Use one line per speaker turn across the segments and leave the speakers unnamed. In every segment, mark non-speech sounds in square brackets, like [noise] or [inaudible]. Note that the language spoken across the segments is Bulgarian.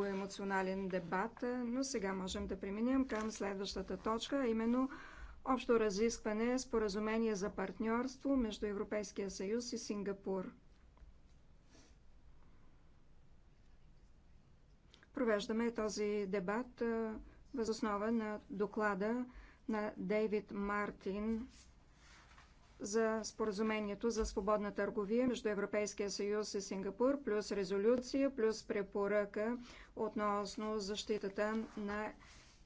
много емоционален дебат, но сега можем да преминем към следващата точка, а именно общо разискване споразумение за партньорство между Европейския съюз и Сингапур. Провеждаме този дебат възоснова на доклада на Дейвид Мартин за споразумението за свободна търговия между Европейския съюз и Сингапур, плюс резолюция, плюс препоръка относно защитата на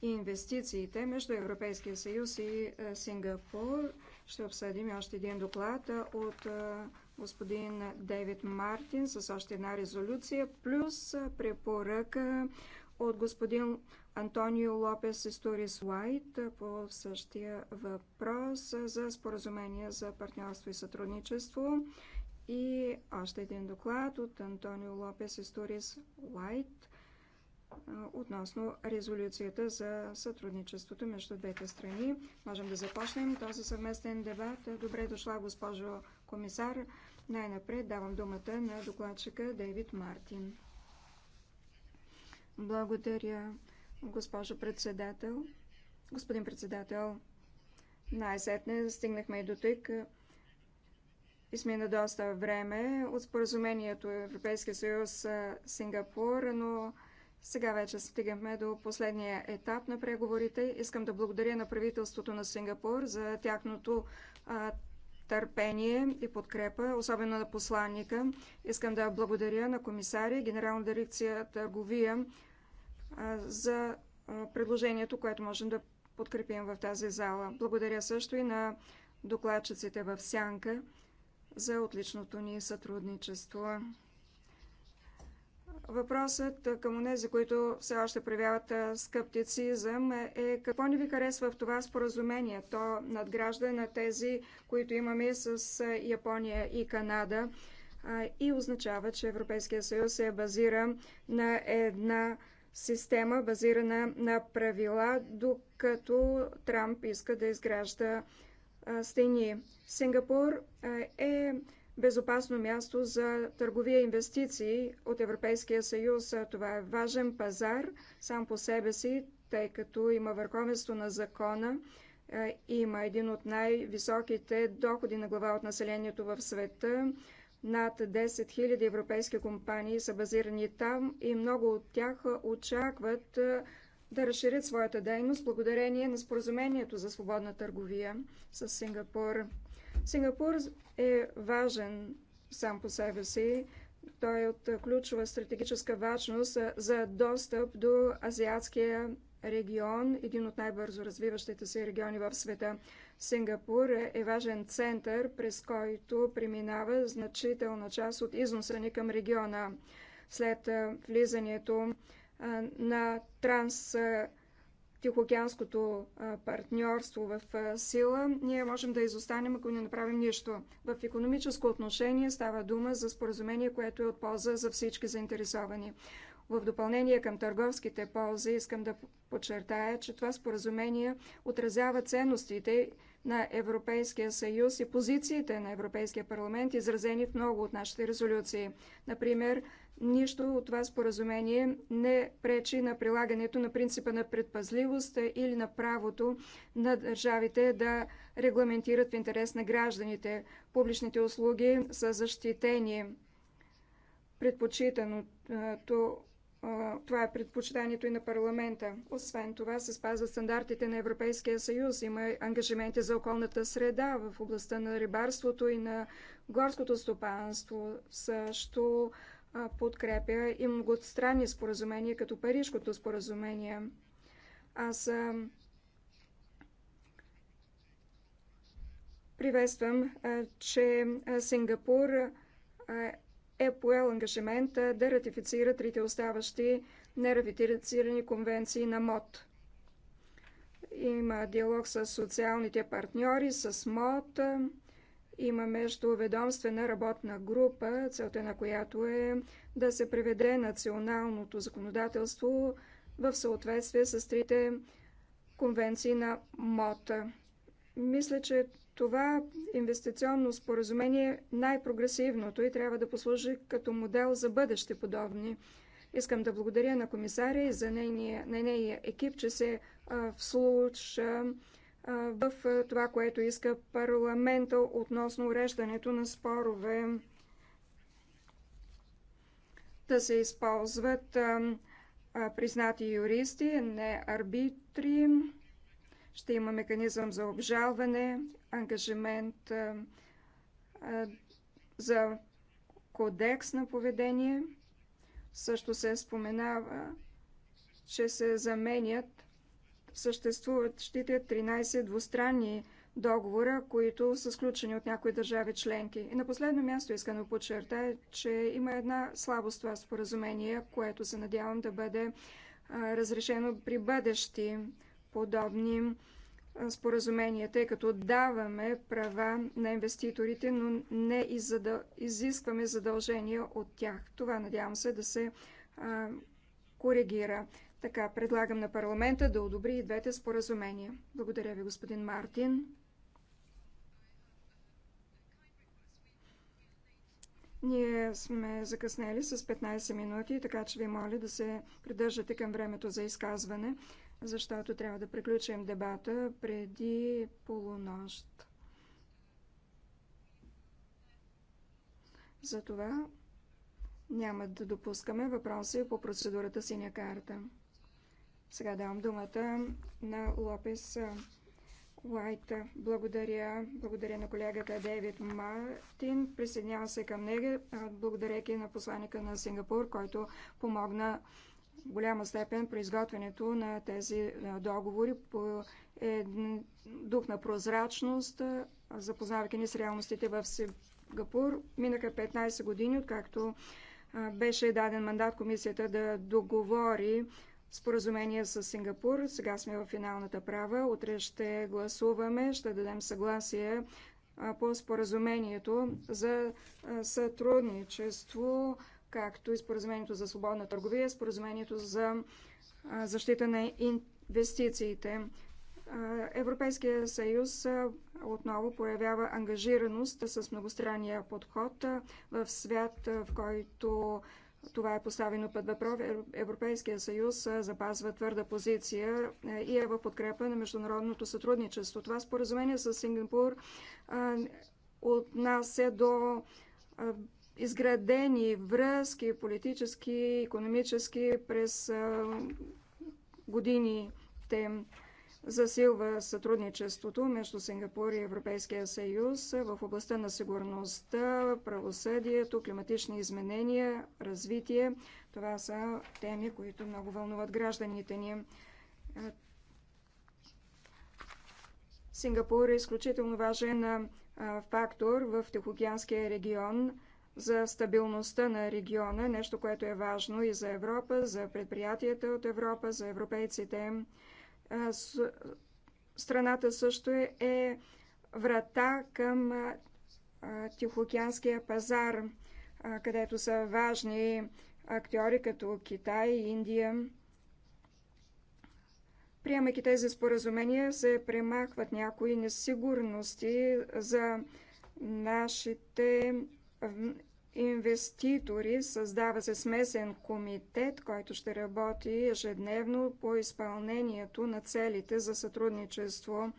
инвестициите между Европейския съюз и е, Сингапур. Ще обсъдим още един доклад е, от е, господин Дейвид Мартин с още една резолюция, плюс препоръка от господин Антонио Лопес Историс Уайт по същия въпрос за споразумение за партньорство и сътрудничество и още един доклад от Антонио Лопес Историс Лайт относно резолюцията за сътрудничеството между двете страни. Можем да започнем този съвместен дебат. Добре дошла, госпожо комисар. Най-напред давам думата на докладчика Дейвид Мартин. Благодаря, госпожо председател. Господин председател, най-сетне стигнахме и до тук. Измина доста време от споразумението Европейския съюз Сингапур, но сега вече стигаме до последния етап на преговорите. Искам да благодаря на правителството на Сингапур за тяхното а, търпение и подкрепа, особено на посланника. Искам да благодаря на комисаря, генерална дирекция търговия за предложението, което можем да подкрепим в тази зала. Благодаря също и на докладчиците в Сянка за отличното ни сътрудничество. Въпросът към тези, които все още проявяват скептицизъм е какво не ви харесва в това споразумение? То надгражда на тези, които имаме с Япония и Канада и означава, че Европейския съюз се базира на една система, базирана на правила, докато Трамп иска да изгражда стени. Сингапур е безопасно място за търговия и инвестиции от Европейския съюз. Това е важен пазар сам по себе си, тъй като има върховенство на закона, е, има един от най-високите доходи на глава от населението в света. Над 10 000 европейски компании са базирани там и много от тях очакват е, да разширят своята дейност благодарение на споразумението за свободна търговия с Сингапур. Сингапур е важен сам по себе си. Той е от ключова стратегическа важност за достъп до азиатския регион, един от най-бързо развиващите се региони в света. Сингапур е важен център, през който преминава значителна част от износа ни към региона. След влизането на транс Тихоокеанското партньорство в сила, ние можем да изостанем, ако не направим нищо. В економическо отношение става дума за споразумение, което е от полза за всички заинтересовани. В допълнение към търговските ползи искам да подчертая, че това споразумение отразява ценностите на Европейския съюз и позициите на Европейския парламент, изразени в много от нашите резолюции. Например, нищо от това споразумение не пречи на прилагането на принципа на предпазливост или на правото на държавите да регламентират в интерес на гражданите. Публичните услуги са защитени. Предпочитаното това е предпочитанието и на парламента. Освен това се спазват стандартите на Европейския съюз. Има ангажименти за околната среда в областта на рибарството и на горското стопанство. Също подкрепя и многостранни споразумения, като Парижкото споразумение. Аз приветствам, че Сингапур е поел ангажимента да ратифицира трите оставащи нератифицирани конвенции на МОД. Има диалог с социалните партньори, с МОД. Има междуведомствена работна група, целта на която е да се приведе националното законодателство в съответствие с трите конвенции на МОТА. Мисля, че това инвестиционно споразумение е най-прогресивното и трябва да послужи като модел за бъдещи подобни. Искам да благодаря на комисаря и за нейния, на нейния екип, че се а, вслуша в това, което иска парламента относно уреждането на спорове. Да се използват а, а, признати юристи, не арбитри. Ще има механизъм за обжалване, ангажимент за кодекс на поведение. Също се споменава, че се заменят съществуващите 13 двустранни договора, които са сключени от някои държави членки. И на последно място искам да подчертая, че има една слабост това споразумение, което се надявам да бъде разрешено при бъдещи подобни споразумение, тъй като даваме права на инвеститорите, но не изискваме задължения от тях. Това надявам се да се а, коригира. Така, предлагам на парламента да одобри и двете споразумения. Благодаря ви, господин Мартин. Ние сме закъснели с 15 минути, така че ви моля да се придържате към времето за изказване защото трябва да приключим дебата преди полунощ. Затова няма да допускаме въпроси по процедурата синя карта. Сега давам думата на Лопес Уайт. Благодаря. Благодаря на колегата Дейвид Мартин. Присъединявам се към него, благодаряки на посланика на Сингапур, който помогна голяма степен при изготвянето на тези договори по е дух на прозрачност, запознавайки ни с реалностите в Сингапур. Минаха 15 години, откакто беше даден мандат комисията да договори споразумение с Сингапур. Сега сме в финалната права. Утре ще гласуваме, ще дадем съгласие по споразумението за сътрудничество както и споразумението за свободна търговия, споразумението за защита на инвестициите. Европейския съюз отново проявява ангажираност с многостранния подход в свят, в който това е поставено под въпрос. Европейския съюз запазва твърда позиция и е в подкрепа на международното сътрудничество. Това споразумение с Сингапур отнася до изградени връзки, политически, економически, през годините засилва сътрудничеството между Сингапур и Европейския съюз в областта на сигурността, правосъдието, климатични изменения, развитие. Това са теми, които много вълнуват гражданите ни. Сингапур е изключително важен фактор в Тихоокеанския регион за стабилността на региона, нещо, което е важно и за Европа, за предприятията от Европа, за европейците. Страната също е, е врата към Тихоокеанския пазар, където са важни актьори като Китай и Индия. Приемайки тези споразумения, се премахват някои несигурности за нашите инвеститори. Създава се смесен комитет, който ще работи ежедневно по изпълнението на целите за сътрудничество.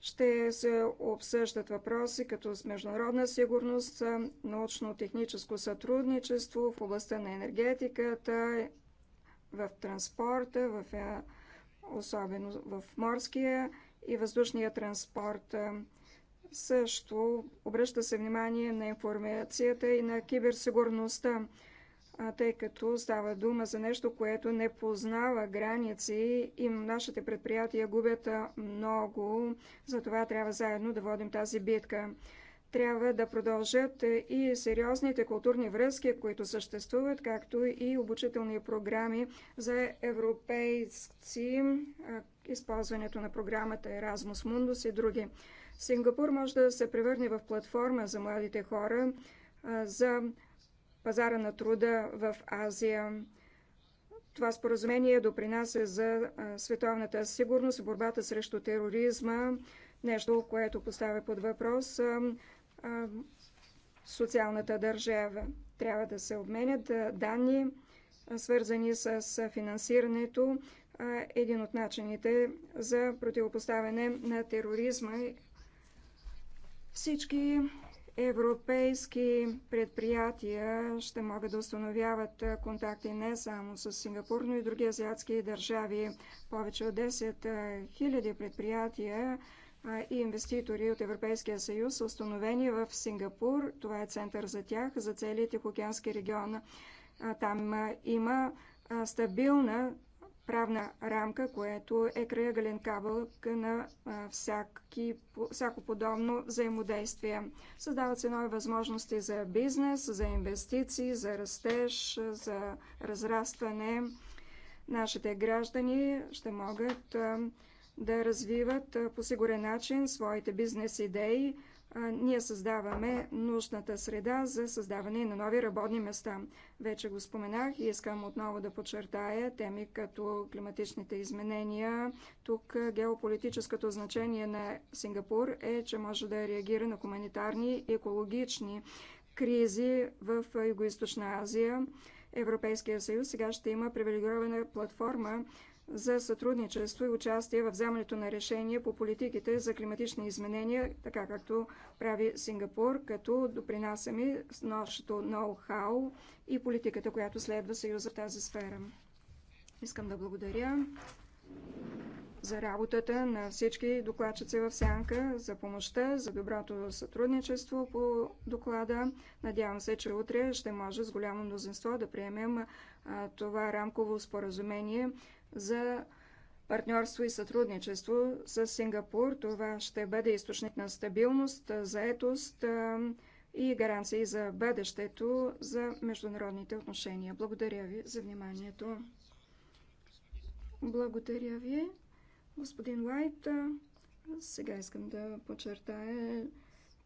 Ще се обсъждат въпроси като с международна сигурност, научно-техническо сътрудничество в областта на енергетиката, в транспорта, в, е, особено в морския и въздушния транспорт. Също обръща се внимание на информацията и на киберсигурността, тъй като става дума за нещо, което не познава граници и нашите предприятия губят много. Затова трябва заедно да водим тази битка трябва да продължат и сериозните културни връзки, които съществуват, както и обучителни програми за европейци, използването на програмата Erasmus Mundus и други. Сингапур може да се превърне в платформа за младите хора, за пазара на труда в Азия. Това споразумение допринася за световната сигурност борбата срещу тероризма, нещо, което поставя под въпрос социалната държава. Трябва да се обменят данни, свързани с финансирането, един от начините за противопоставяне на тероризма всички европейски предприятия ще могат да установяват контакти не само с Сингапур, но и други азиатски държави. Повече от 10 000 предприятия и инвеститори от Европейския съюз са установени в Сингапур. Това е център за тях, за целият Тихоокеански регион. Там има стабилна правна рамка, което е крайъгълен кабъл на всяки, всяко подобно взаимодействие. Създават се нови възможности за бизнес, за инвестиции, за растеж, за разрастване. Нашите граждани ще могат да развиват по сигурен начин своите бизнес идеи, ние създаваме нужната среда за създаване на нови работни места. Вече го споменах и искам отново да подчертая теми като климатичните изменения. Тук геополитическото значение на Сингапур е, че може да реагира на хуманитарни и екологични кризи в Юго-Источна Азия. Европейския съюз сега ще има привилегирована платформа за сътрудничество и участие в вземането на решения по политиките за климатични изменения, така както прави Сингапур, като допринасяме с нашето ноу-хау и политиката, която следва Съюза в тази сфера. Искам да благодаря за работата на всички докладчици в Сянка, за помощта, за доброто сътрудничество по доклада. Надявам се, че утре ще може с голямо мнозинство да приемем това рамково споразумение за партньорство и сътрудничество с Сингапур. Това ще бъде източник на стабилност, заетост и гаранции за бъдещето за международните отношения. Благодаря ви за вниманието. Благодаря ви, господин Лайт. Сега искам да подчертая,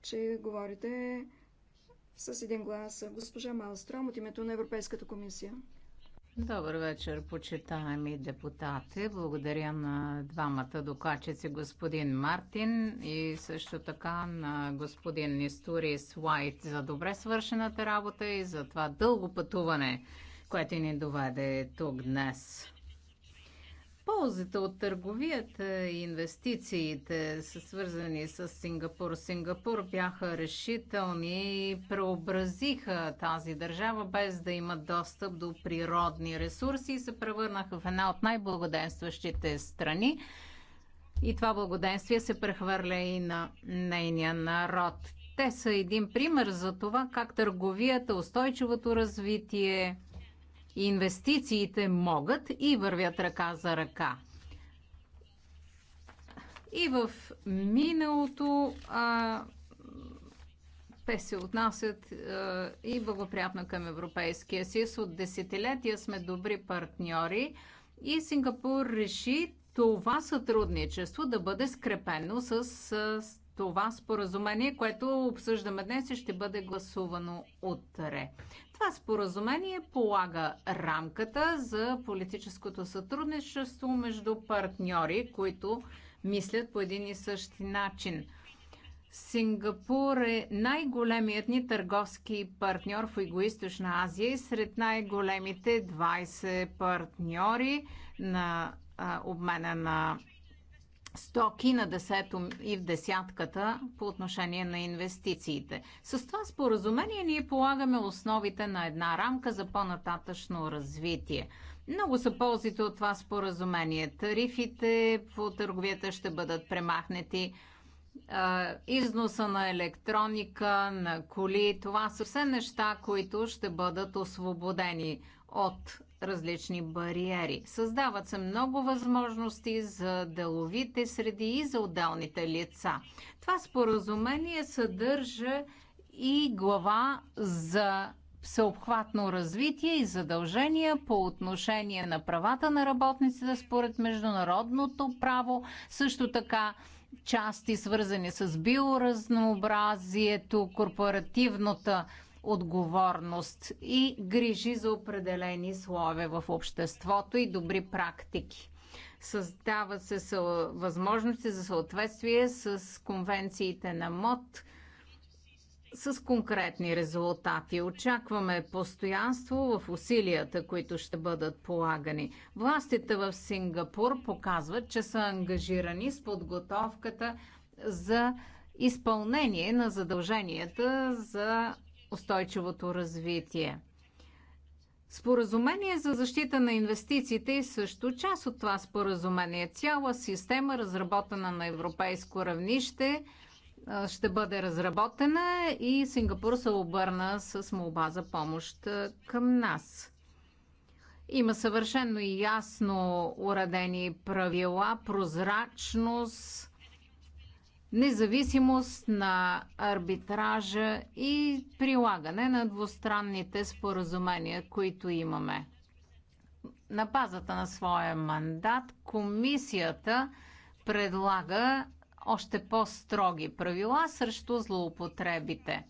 че говорите с един глас госпожа Малстром от името на Европейската комисия.
Добър вечер, почитаеми депутати. Благодаря на двамата докачици: господин Мартин и също така на господин Несторис Уайт за добре свършената работа и за това дълго пътуване, което ни доведе тук днес. Ползите от търговията и инвестициите са свързани с Сингапур. Сингапур бяха решителни и преобразиха тази държава без да имат достъп до природни ресурси и се превърнаха в една от най-благоденстващите страни. И това благоденствие се прехвърля и на нейния народ. Те са един пример за това как търговията, устойчивото развитие Инвестициите могат и вървят ръка за ръка. И в миналото а, те се отнасят а, и благоприятно към Европейския съюз. От десетилетия сме добри партньори и Сингапур реши това сътрудничество да бъде скрепено с, с това споразумение, което обсъждаме днес и ще бъде гласувано утре. Това споразумение полага рамката за политическото сътрудничество между партньори, които мислят по един и същи начин. Сингапур е най-големият ни търговски партньор в Игоисточна Азия и сред най-големите 20 партньори на а, обмена на стоки на десето и в десятката по отношение на инвестициите. С това споразумение ние полагаме основите на една рамка за по-нататъчно развитие. Много са ползите от това споразумение. Тарифите по търговията ще бъдат премахнати е, износа на електроника, на коли. Това са все неща, които ще бъдат освободени от различни бариери. Създават се много възможности за деловите среди и за отдалните лица. Това споразумение съдържа и глава за всеобхватно развитие и задължения по отношение на правата на работниците според международното право, също така части свързани с биоразнообразието, корпоративната отговорност и грижи за определени слове в обществото и добри практики. Създават се възможности за съответствие с конвенциите на МОД с конкретни резултати. Очакваме постоянство в усилията, които ще бъдат полагани. Властите в Сингапур показват, че са ангажирани с подготовката за изпълнение на задълженията за устойчивото развитие. Споразумение за защита на инвестициите и е също част от това споразумение. Цяла система, разработена на европейско равнище, ще бъде разработена и Сингапур се обърна с молба за помощ към нас. Има съвършенно и ясно уредени правила, прозрачност, независимост на арбитража и прилагане на двустранните споразумения, които имаме. На базата на своя мандат комисията предлага още по-строги правила срещу злоупотребите.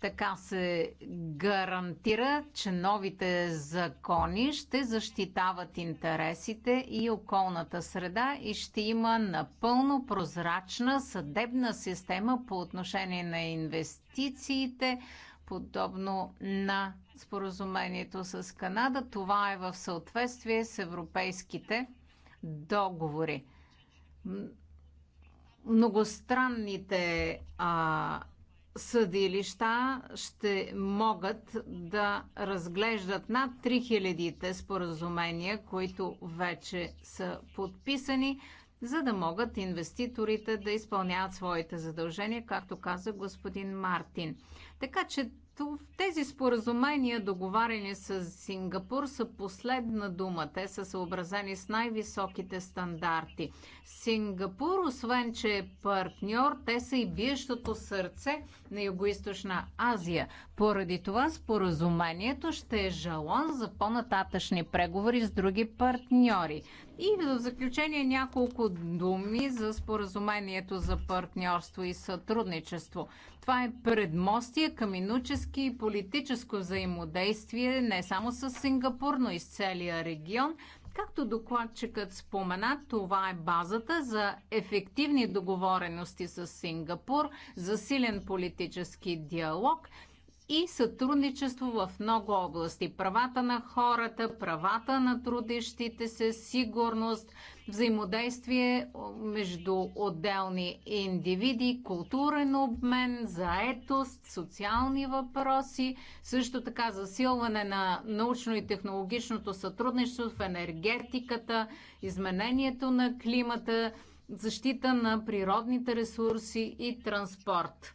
Така се гарантира, че новите закони ще защитават интересите и околната среда и ще има напълно прозрачна съдебна система по отношение на инвестициите, подобно на споразумението с Канада. Това е в съответствие с европейските договори. Многостранните а, съдилища ще могат да разглеждат над 3000 споразумения, които вече са подписани, за да могат инвеститорите да изпълняват своите задължения, както каза господин Мартин. Така че тези споразумения, договарени с Сингапур, са последна дума. Те са съобразени с най-високите стандарти. Сингапур, освен че е партньор, те са и биещото сърце на Юго-Источна Азия. Поради това споразумението ще е жалон за по-нататъчни преговори с други партньори. И в заключение няколко думи за споразумението за партньорство и сътрудничество. Това е предмостие към инучески и политическо взаимодействие не само с Сингапур, но и с целия регион. Както докладчикът спомена, това е базата за ефективни договорености с Сингапур, за силен политически диалог – и сътрудничество в много области. Правата на хората, правата на трудещите се, сигурност, взаимодействие между отделни индивиди, културен обмен, заетост, социални въпроси, също така засилване на научно и технологичното сътрудничество в енергетиката, изменението на климата, защита на природните ресурси и транспорт.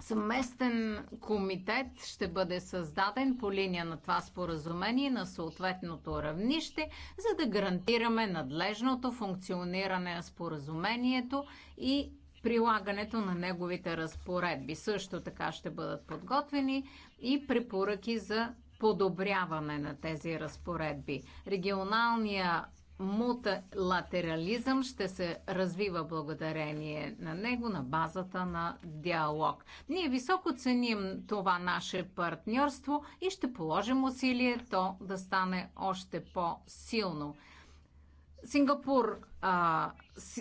Съместен комитет ще бъде създаден по линия на това споразумение на съответното равнище, за да гарантираме надлежното функциониране на споразумението и прилагането на неговите разпоредби. Също така ще бъдат подготвени и препоръки за подобряване на тези разпоредби. Регионалния мултилатерализъм ще се развива благодарение на него на базата на диалог. Ние високо ценим това наше партньорство и ще положим усилие то да стане още по-силно. Сингапур а,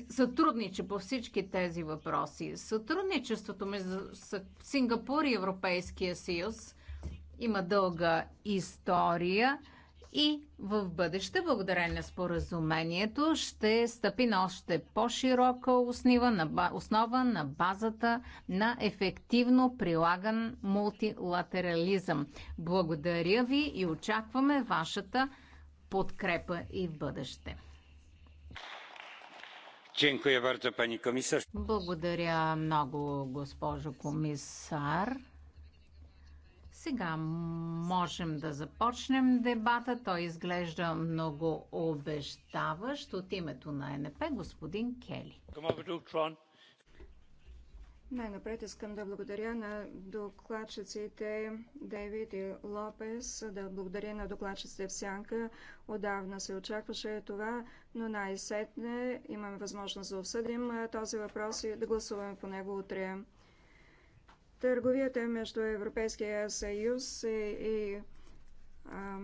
сътрудничи по всички тези въпроси. Сътрудничеството между Сингапур и Европейския съюз има дълга история и в бъдеще, благодарение на споразумението, ще стъпи на още по-широка основа на базата на ефективно прилаган мултилатерализъм. Благодаря ви и очакваме вашата подкрепа и в бъдеще. Благодаря много, госпожо комисар. Сега можем да започнем дебата. Той изглежда много обещаващ от името на НП господин Кели.
Най-напред искам да благодаря на докладчиците Дейвид и Лопес, да благодаря на докладчиците в Сянка. Отдавна се очакваше това, но най-сетне имаме възможност да обсъдим този въпрос и да гласуваме по него утре. Търговията между Европейския съюз и, и а,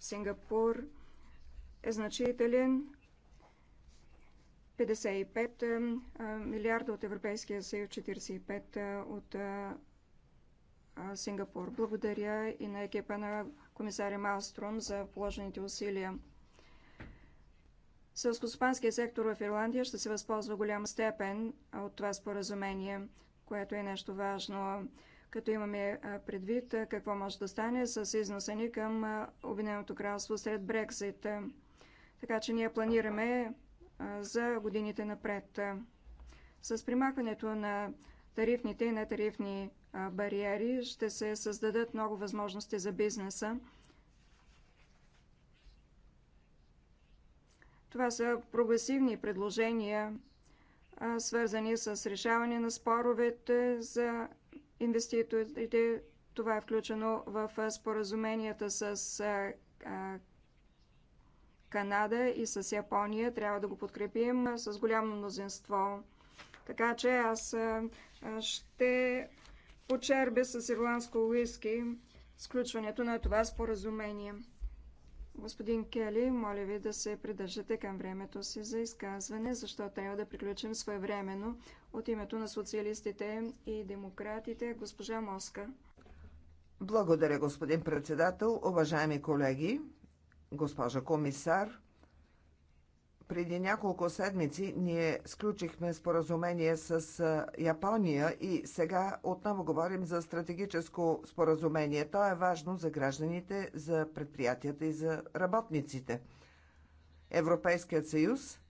Сингапур е значителен. 55 милиарда от Европейския съюз, 45 от а, Сингапур. Благодаря и на екипа на комисаря Малстром за положените усилия. Селскостопанският сектор в Ирландия ще се възползва голяма степен от това споразумение което е нещо важно, като имаме предвид какво може да стане с износа ни към Обединеното кралство след Брекзит. Така че ние планираме за годините напред. С примахването на тарифните и нетарифни бариери ще се създадат много възможности за бизнеса. Това са прогресивни предложения свързани с решаване на споровете за инвеститорите. Това е включено в споразуменията с Канада и с Япония. Трябва да го подкрепим с голямо мнозинство. Така че аз ще почербя с ирландско уиски сключването на това споразумение. Господин Кели, моля ви да се придържате към времето си за изказване, защото трябва да приключим своевременно от името на социалистите и демократите, госпожа Моска.
Благодаря, господин председател, уважаеми колеги, госпожа комисар преди няколко седмици ние сключихме споразумение с Япония и сега отново говорим за стратегическо споразумение. То е важно за гражданите, за предприятията и за работниците. Европейският съюз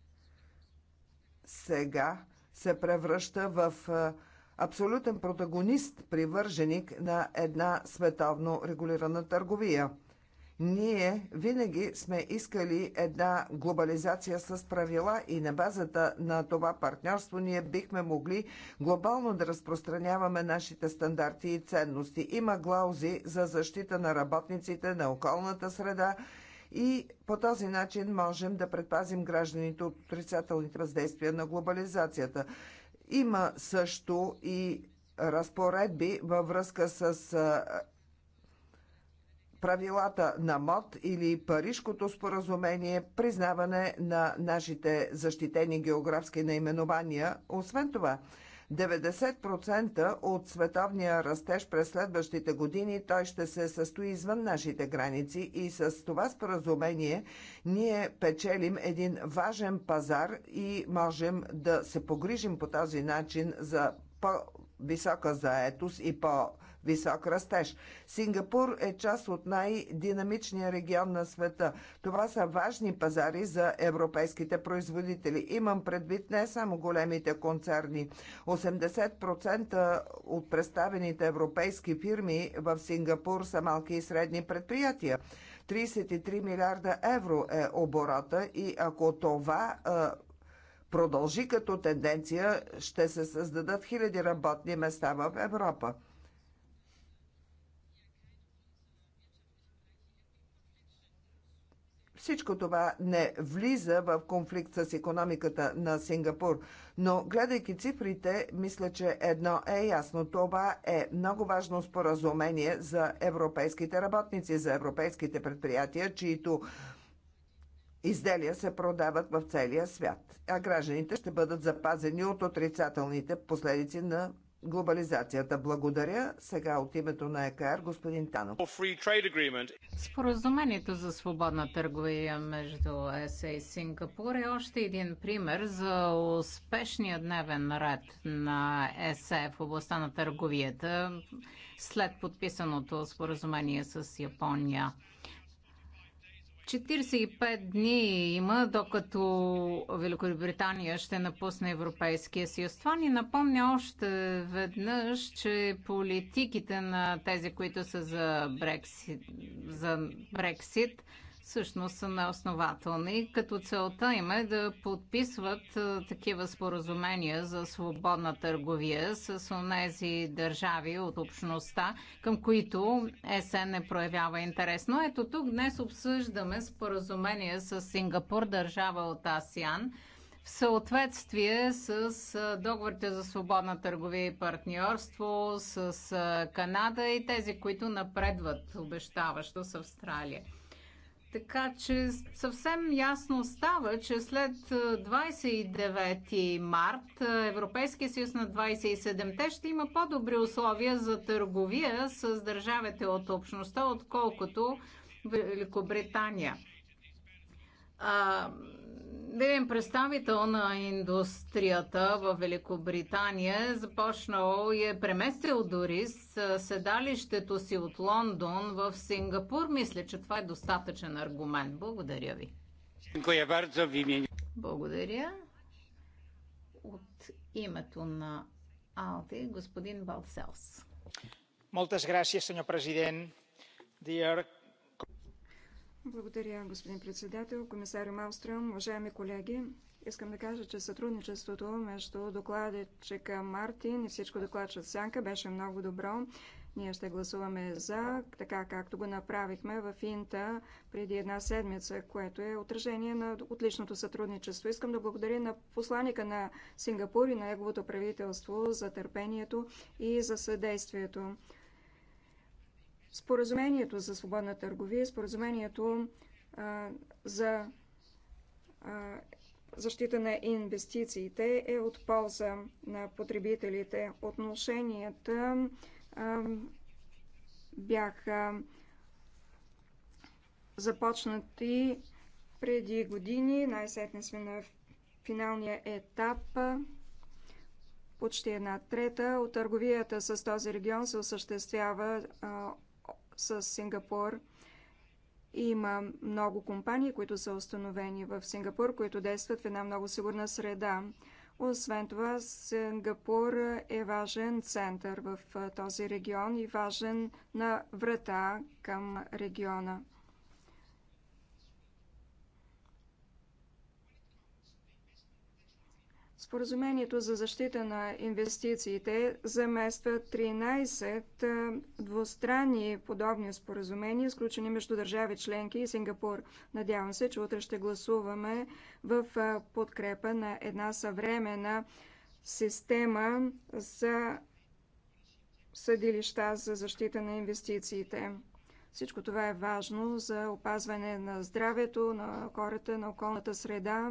сега се превръща в абсолютен протагонист, привърженик на една световно регулирана търговия – ние винаги сме искали една глобализация с правила и на базата на това партньорство ние бихме могли глобално да разпространяваме нашите стандарти и ценности. Има глаузи за защита на работниците, на околната среда и по този начин можем да предпазим гражданите от отрицателните въздействия на глобализацията. Има също и разпоредби във връзка с правилата на МОД или Парижкото споразумение, признаване на нашите защитени географски наименования. Освен това, 90% от световния растеж през следващите години той ще се състои извън нашите граници и с това споразумение ние печелим един важен пазар и можем да се погрижим по този начин за по-висока заетост и по- висок растеж. Сингапур е част от най-динамичния регион на света. Това са важни пазари за европейските производители. Имам предвид не само големите концерни. 80% от представените европейски фирми в Сингапур са малки и средни предприятия. 33 милиарда евро е оборота и ако това продължи като тенденция, ще се създадат хиляди работни места в Европа. Всичко това не влиза в конфликт с економиката на Сингапур. Но гледайки цифрите, мисля, че едно е ясно. Това е много важно споразумение за европейските работници, за европейските предприятия, чието изделия се продават в целия свят, а гражданите ще бъдат запазени от отрицателните последици на глобализацията. Благодаря. Сега от името на ЕКР господин Танов. Споразумението за свободна
търговия между ЕСА и Сингапур е още един пример за успешния дневен ред на ЕСА в областта на търговията след подписаното споразумение с Япония. 45 дни има, докато Великобритания ще напусне Европейския съюз. Това ни напомня още веднъж, че политиките на тези, които са за Брексит, за Брексит всъщност са неоснователни, като целта им е да подписват такива споразумения за свободна търговия с онези държави от общността, към които ЕСЕ не проявява интерес. Но ето тук днес обсъждаме споразумение с Сингапур, държава от АСИАН, в съответствие с договорите за свободна търговия и партньорство с Канада и тези, които напредват обещаващо с Австралия. Така че съвсем ясно става, че след 29 е, март е, Европейския съюз на 27-те ще има по-добри условия за търговия с държавите от общността, отколкото Великобритания а, Ден представител на индустрията в Великобритания е започнал и е преместил дори с седалището си от Лондон в Сингапур. Мисля, че това е достатъчен аргумент. Благодаря ви. Благодаря. От името на Алти, господин Балселс. Moltes
gràcies, senyor president. Dear
благодаря, господин
председател, комисар Малстрем, уважаеми колеги. Искам да кажа, че сътрудничеството между докладчика Мартин и всичко от Сянка беше много добро. Ние ще гласуваме за, така както го направихме в Инта преди една седмица, което е отражение на отличното сътрудничество. Искам да благодаря на посланика на Сингапур и на неговото правителство за търпението и за съдействието споразумението за свободна търговия, е споразумението а, за а, защита на инвестициите е от полза на потребителите. Отношенията а, бяха започнати преди години. Най-сетне сме на финалния етап. Почти една трета от търговията с този регион се осъществява а, с Сингапур. Има много компании, които са установени в Сингапур, които действат в една много сигурна среда. Освен това, Сингапур е важен център в този регион и важен на врата към региона. Споразумението за защита на инвестициите замества 13 двустранни подобни споразумения, сключени между държави членки и Сингапур. Надявам се, че утре ще гласуваме в подкрепа на една съвременна система за съдилища за защита на инвестициите. Всичко това е важно за опазване на здравето на хората, на околната среда,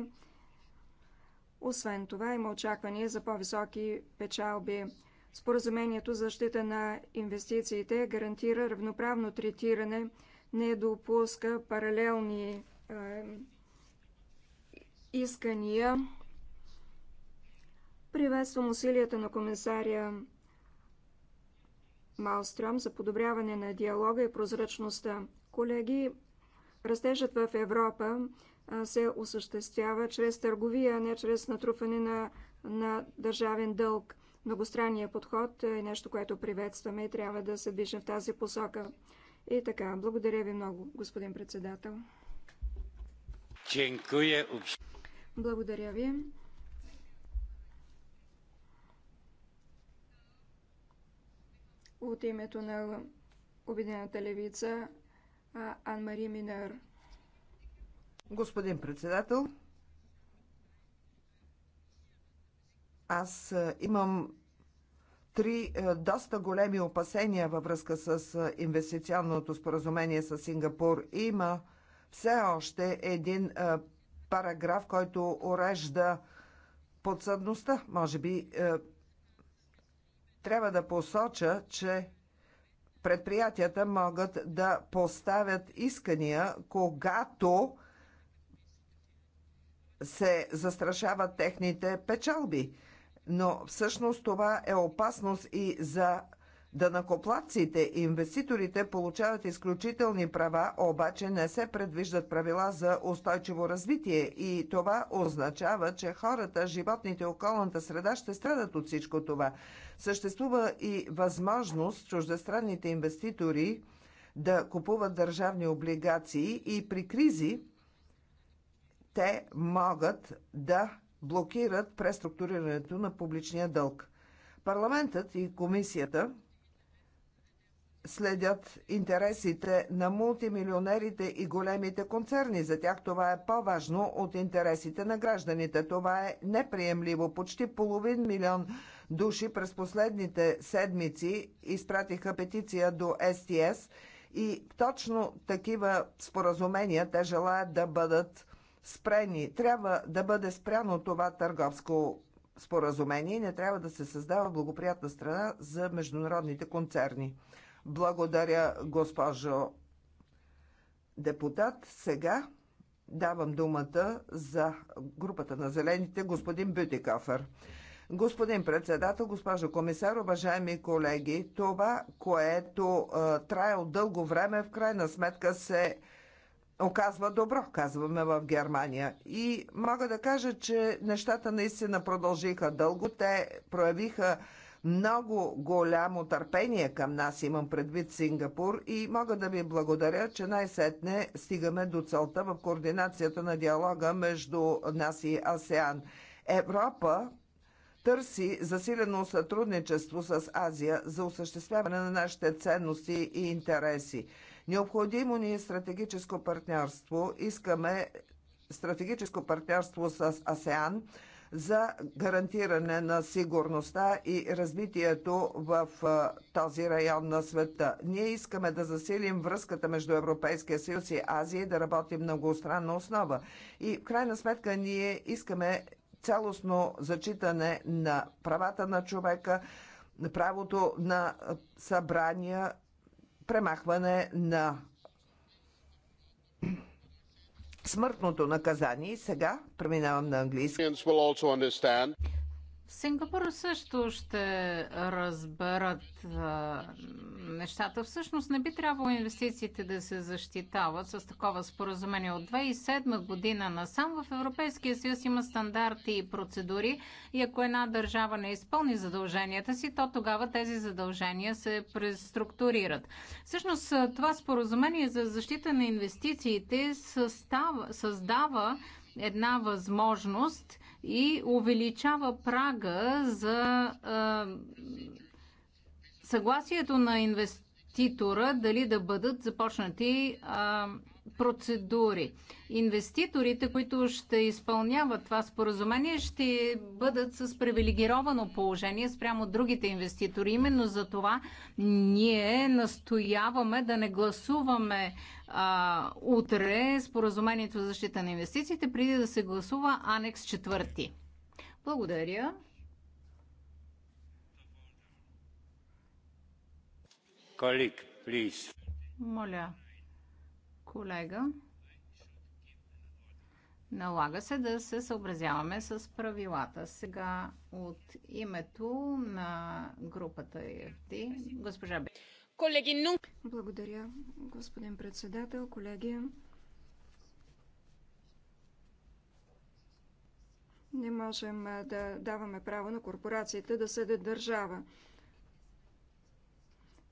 освен това има очаквания за по-високи печалби. Споразумението за защита на инвестициите гарантира равноправно третиране, не допуска паралелни е, искания. Приветствам усилията на комисаря Малстром за подобряване на диалога и прозрачността. Колеги, растежът в Европа се осъществява чрез търговия, а не чрез натрупване на, на държавен дълг. Многостранният подход е нещо, което приветстваме и трябва да се движим в тази посока. И така, благодаря ви много, господин председател. Благодаря ви. От името на Обединената левица Анмари Минер.
Господин председател, аз е, имам три е, доста големи опасения във връзка с е, инвестиционното споразумение с Сингапур. Има все още един параграф, който урежда подсъдността. Може би трябва да посоча, че предприятията могат да поставят искания, когато се застрашават техните печалби. Но всъщност това е опасност и за Данакоплатците и инвеститорите получават изключителни права, обаче не се предвиждат правила за устойчиво развитие и това означава, че хората, животните, околната среда ще страдат от всичко това. Съществува и възможност чуждестранните инвеститори да купуват държавни облигации и при кризи те могат да блокират преструктурирането на публичния дълг. Парламентът и комисията следят интересите на мултимилионерите и големите концерни. За тях това е по-важно от интересите на гражданите. Това е неприемливо. Почти половин милион души през последните седмици изпратиха петиция до СТС и точно такива споразумения те желаят да бъдат спрени. Трябва да бъде спряно това търговско споразумение и не трябва да се създава благоприятна страна за международните концерни. Благодаря, госпожо депутат. Сега давам думата за групата на зелените, господин Бютикофер. Господин председател, госпожо комисар, уважаеми колеги, това, което а, е, трае от дълго време, в крайна сметка се оказва добро, казваме в Германия. И мога да кажа, че нещата наистина продължиха дълго. Те проявиха много голямо търпение към нас, имам предвид Сингапур, и мога да ви благодаря, че най-сетне стигаме до целта в координацията на диалога между нас и АСЕАН. Европа търси засилено сътрудничество с Азия за осъществяване на нашите ценности и интереси. Необходимо ни е стратегическо партньорство. Искаме стратегическо партньорство с АСЕАН за гарантиране на сигурността и развитието в този район на света. Ние искаме да засилим връзката между Европейския съюз и Азия и да работим многостранна основа. И в крайна сметка ние искаме цялостно зачитане на правата на човека, правото на събрания, премахване на смъртното наказание. сега преминавам на английски.
Сингапур също ще разберат а, нещата. Всъщност не би трябвало инвестициите да се защитават с такова споразумение. От 2007 година насам в Европейския съюз има стандарти и процедури и ако една държава не изпълни задълженията си, то тогава тези задължения се преструктурират. Всъщност това споразумение за защита на инвестициите състава, създава една възможност – и увеличава прага за съгласието на инвеститора дали да бъдат започнати а, процедури. Инвеститорите, които ще изпълняват това споразумение, ще бъдат с привилегировано положение спрямо другите инвеститори. Именно за това ние настояваме да не гласуваме а, утре споразумението за защита на инвестициите, преди да се гласува анекс 4. Благодаря.
Колик, please.
Моля колега. Налага се да се съобразяваме с правилата. Сега от името на групата EFT, госпожа Бе. Колеги,
ну... Благодаря, господин председател, колеги. Не можем да даваме право на корпорациите да съдят държава.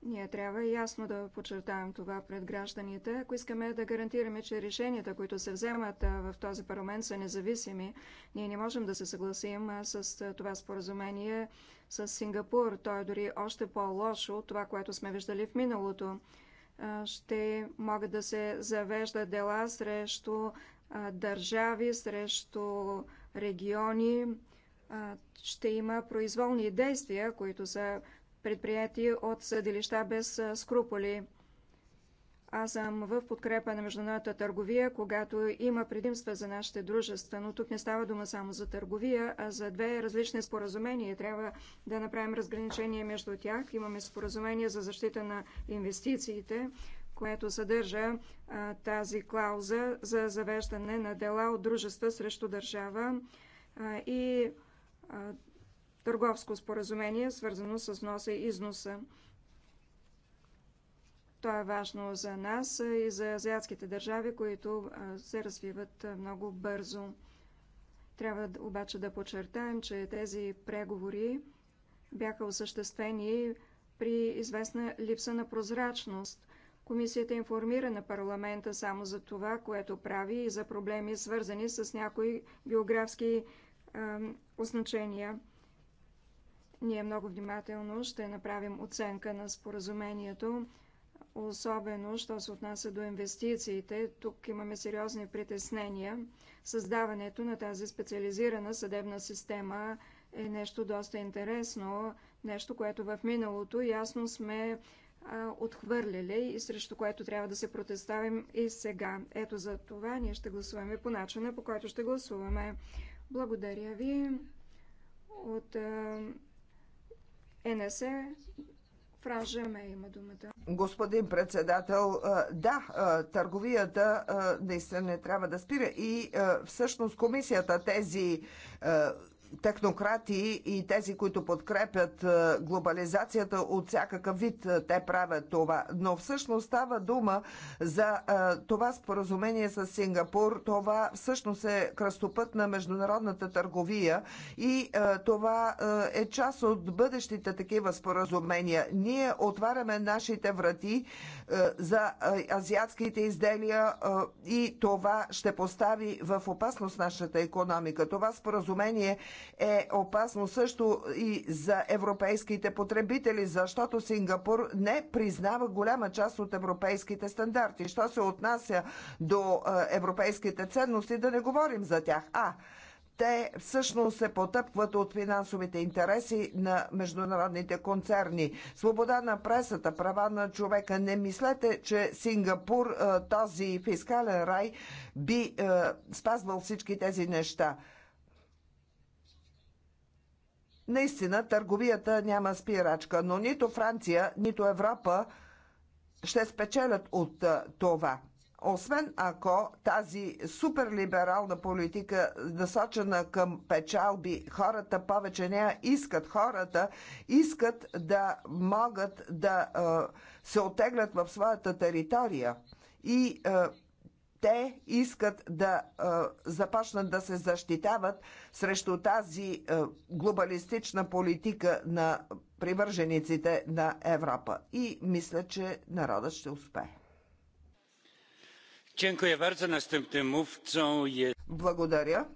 Ние трябва ясно да подчертаем това пред гражданите. Ако искаме да гарантираме, че решенията, които се вземат в този парламент са независими, ние не можем да се съгласим с това споразумение с Сингапур. То е дори още по-лошо от това, което сме виждали в миналото. Ще могат да се завеждат дела срещу държави, срещу региони. Ще има произволни действия, които са предприяти от съдилища без скруполи. Аз съм в подкрепа на международната търговия, когато има предимства за нашите дружества, но тук не става дума само за търговия, а за две различни споразумения. Трябва да направим разграничение между тях. Имаме споразумение за защита на инвестициите, което съдържа а, тази клауза за завеждане на дела от дружества срещу държава а, и а, търговско споразумение, свързано с носа и износа. То е важно за нас и за азиатските държави, които се развиват много бързо. Трябва обаче да подчертаем, че тези преговори бяха осъществени при известна липса на прозрачност. Комисията е информира на парламента само за това, което прави и за проблеми, свързани с някои географски е, означения. Ние много внимателно ще направим оценка на споразумението, особено, що се отнася до инвестициите. Тук имаме сериозни притеснения. Създаването на тази специализирана съдебна система е нещо доста интересно, нещо, което в миналото ясно сме отхвърляли и срещу което трябва да се протеставим и сега. Ето за това ние ще гласуваме по начина, по който ще гласуваме. Благодаря ви от НС Франжаме има думата.
Господин председател, да, търговията наистина не трябва да спира и всъщност комисията тези технократи и тези, които подкрепят е, глобализацията от всякакъв вид, е, те правят това. Но всъщност става дума за е, това споразумение с Сингапур. Това всъщност е кръстопът на международната търговия и това е част от бъдещите такива споразумения. Ние отваряме нашите врати за азиатските изделия и това ще постави в опасност нашата економика. Това споразумение е опасно също и за европейските потребители, защото Сингапур не признава голяма част от европейските стандарти. Що се отнася до е, европейските ценности, да не говорим за тях. А, те всъщност се потъпкват от финансовите интереси на международните концерни. Свобода на пресата, права на човека. Не мислете, че Сингапур, е, този фискален рай, би е, спазвал всички тези неща. Наистина, търговията няма спирачка, но нито Франция, нито Европа ще спечелят от това. Освен ако тази суперлиберална политика, насочена към печалби, хората повече не искат. Хората искат да могат да се отеглят в своята територия. И е, те искат да а, започнат да се защитават срещу тази а, глобалистична политика на привържениците на Европа. И мисля, че народът ще успее. Благодаря.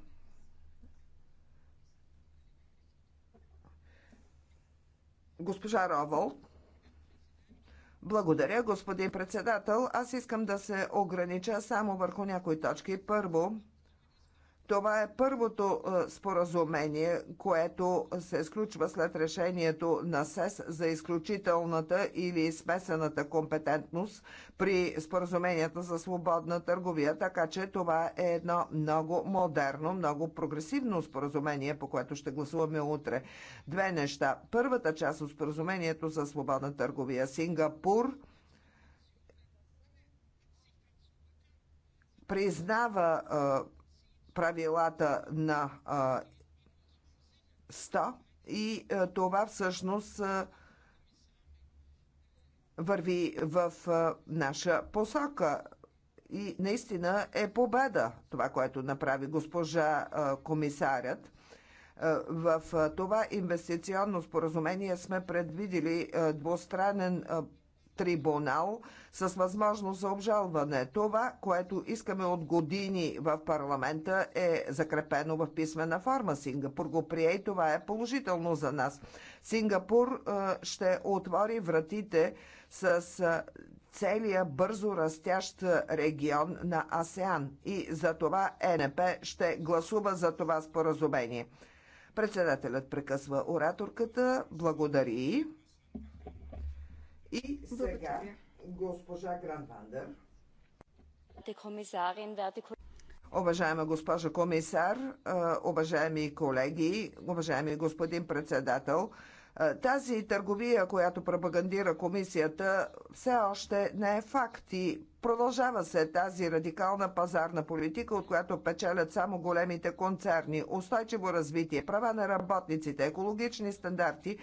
Госпожа Роволт. Благодаря, господин председател. Аз искам да се огранича само върху някои точки. Първо, това е първото е, споразумение, което се сключва след решението на СЕС за изключителната или смесената компетентност при споразуменията за свободна търговия, така че това е едно много модерно, много прогресивно споразумение, по което ще гласуваме утре. Две неща. Първата част от споразумението за свободна търговия Сингапур признава е, правилата на ста и това всъщност върви в наша посока. И наистина е победа това, което направи госпожа комисарят. В това инвестиционно споразумение сме предвидили двустранен трибунал с възможност за обжалване. Това, което искаме от години в парламента е закрепено в писмена форма. Сингапур го прие и това е положително за нас. Сингапур ще отвори вратите с целия бързо растящ регион на АСЕАН и за това е НП ще гласува за това споразумение. Председателят прекъсва ораторката. Благодари. И сега госпожа Гранвандър. Уважаема госпожа комисар, уважаеми колеги, уважаеми господин председател, тази търговия, която пропагандира комисията, все още не е факт и продължава се тази радикална пазарна политика, от която печелят само големите концерни, устойчиво развитие, права на работниците, екологични стандарти,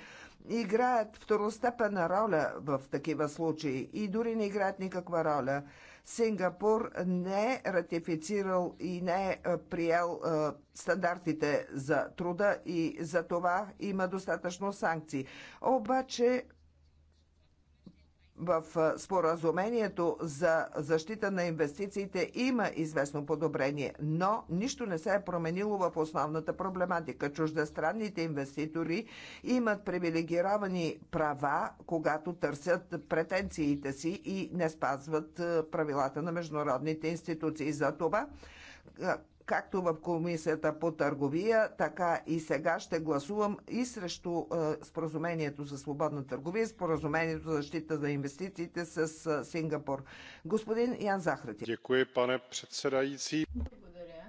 играят второстепенна роля в такива случаи и дори не играят никаква роля. Сингапур не е ратифицирал и не е приел е, стандартите за труда и за това има достатъчно санкции. Обаче в споразумението за защита на инвестициите има известно подобрение, но нищо не се е променило в основната проблематика. Чуждестранните инвеститори имат привилегировани права, когато търсят претенциите си и не спазват правилата на международните институции. За това както в комисията по търговия, така и сега ще гласувам и срещу е, споразумението за свободна търговия, и споразумението за защита за инвестициите с е, Сингапур. Господин Ян Захрати. Дякую, пане председající.
Благодаря,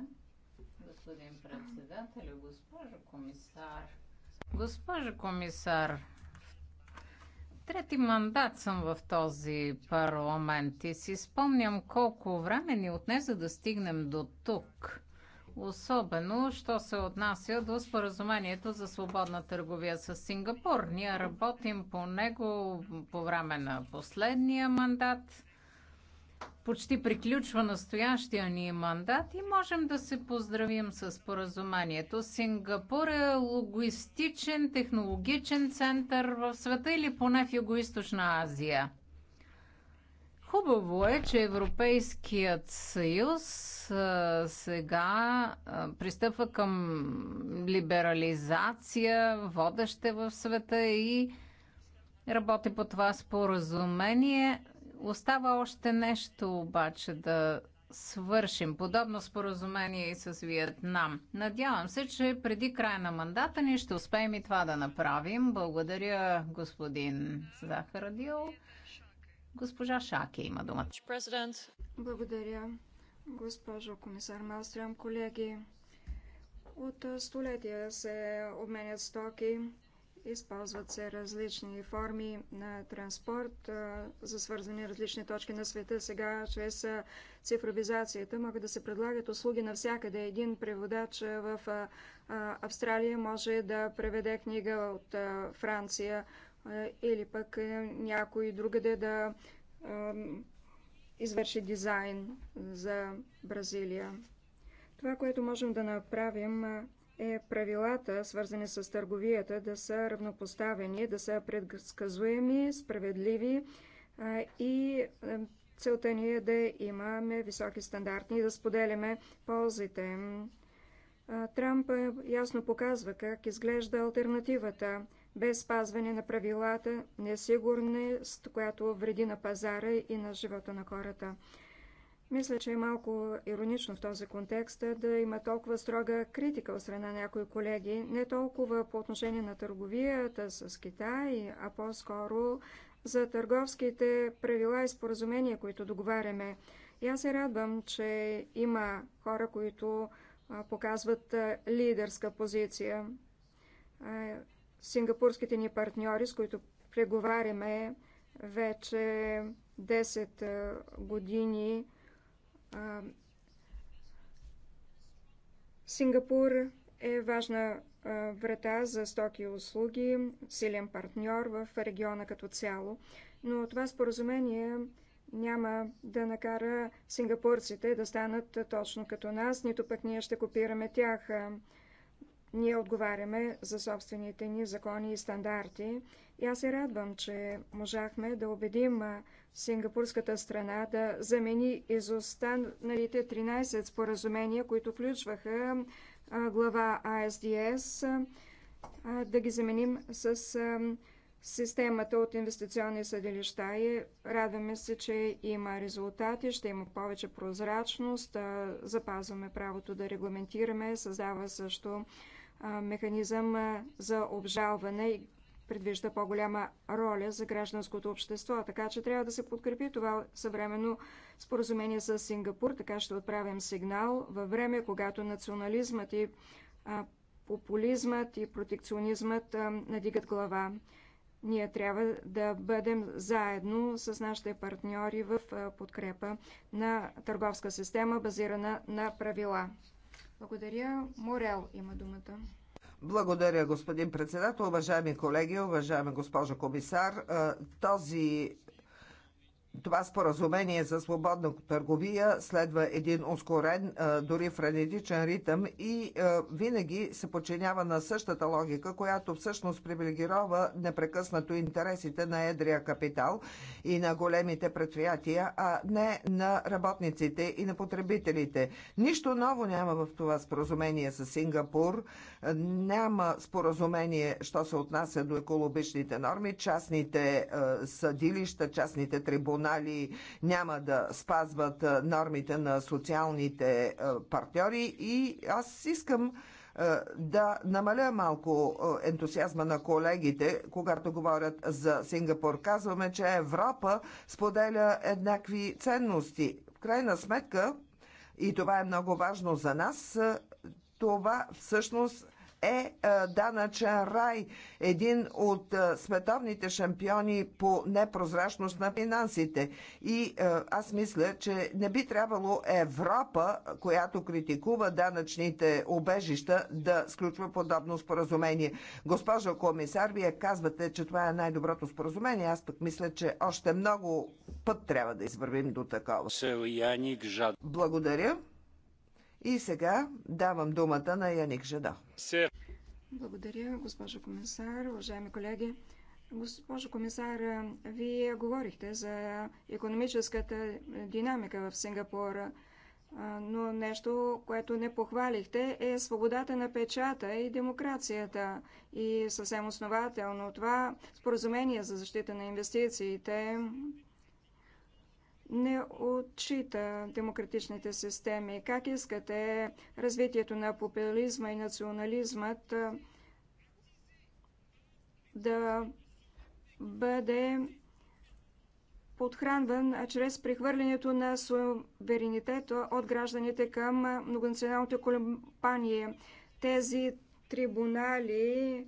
господин председател, госпожо комисар. Госпожо комисар, Трети мандат съм в този парламент и си спомням колко време ни отне за да стигнем до тук особено, що се отнася до споразумението за свободна търговия с Сингапур. Ние работим по него по време на последния мандат. Почти приключва настоящия ни мандат и можем да се поздравим с споразумението. Сингапур е логистичен, технологичен център в света или поне в Юго-Источна Азия – Хубаво е, че Европейският съюз а, сега а, пристъпва към либерализация, водеща в света и работи по това споразумение. Остава още нещо обаче да свършим. Подобно споразумение и с Виетнам. Надявам се, че преди края на мандата ни ще успеем и това да направим. Благодаря господин Захарадил. Госпожа Шаке има думата.
Благодаря, госпожо комисар Малстрам, колеги. От столетия се обменят стоки, използват се различни форми на транспорт за свързани различни точки на света. Сега, чрез цифровизацията, могат да се предлагат услуги навсякъде. Един преводач в Австралия може да преведе книга от Франция или пък е, някой другаде да извърши дизайн за Бразилия. Това, което можем да направим е правилата, свързани с търговията, да са равнопоставени, да са предсказуеми, справедливи и целта ни е да имаме високи стандарти и да споделяме ползите. Трамп ясно показва как изглежда альтернативата без спазване на правилата, несигурност, която вреди на пазара и на живота на хората. Мисля, че е малко иронично в този контекст да има толкова строга критика от страна на някои колеги, не толкова по отношение на търговията с Китай, а по-скоро за търговските правила и споразумения, които договаряме. И аз се радвам, че има хора, които показват лидерска позиция сингапурските ни партньори, с които преговаряме вече 10 години. Сингапур е важна врата за стоки и услуги, силен партньор в региона като цяло. Но това споразумение няма да накара сингапурците да станат точно като нас, нито пък ние ще копираме тях. Ние отговаряме за собствените ни закони и стандарти. И аз се радвам, че можахме да убедим сингапурската страна да замени изостаналите 13 споразумения, които включваха глава ASDS, да ги заменим с системата от инвестиционни съдилища и радваме се, че има резултати, ще има повече прозрачност, запазваме правото да регламентираме, създава също механизъм за обжалване и предвижда по-голяма роля за гражданското общество. Така че трябва да се подкрепи това съвременно споразумение с Сингапур. Така ще отправим сигнал във време, когато национализмът и популизмът и протекционизмът надигат глава. Ние трябва да бъдем заедно с нашите партньори в подкрепа на търговска система, базирана на правила. Благодаря. Морел има думата.
Благодаря, господин председател. Уважаеми колеги, уважаема госпожа комисар, този това споразумение за свободна търговия следва един ускорен, дори френетичен ритъм и винаги се подчинява на същата логика, която всъщност привилегирова непрекъснато интересите на едрия капитал и на големите предприятия, а не на работниците и на потребителите. Нищо ново няма в това споразумение с Сингапур. Няма споразумение, що се отнася до екологичните норми, частните съдилища, частните трибунали професионали няма да спазват нормите на социалните партньори и аз искам да намаля малко ентусиазма на колегите, когато говорят за Сингапур. Казваме, че Европа споделя еднакви ценности. В крайна сметка, и това е много важно за нас, това всъщност е, е данъчен рай, един от е, световните шампиони по непрозрачност на финансите. И е, аз мисля, че не би трябвало Европа, която критикува данъчните обежища, да сключва подобно споразумение. Госпожо комисар, вие казвате, че това е най-доброто споразумение. Аз пък мисля, че още много път трябва да извървим до такова. Благодаря. И сега давам думата на Яник Жада.
Благодаря, госпожо комисар, уважаеми колеги. Госпожо комисар, вие говорихте за економическата динамика в Сингапура, но нещо, което не похвалихте е свободата на печата и демокрацията. И съвсем основателно това споразумение за защита на инвестициите не отчита демократичните системи. Как искате развитието на популизма и национализмът да бъде подхранван чрез прехвърлянето на суверенитета от гражданите към многонационалните компании. Тези трибунали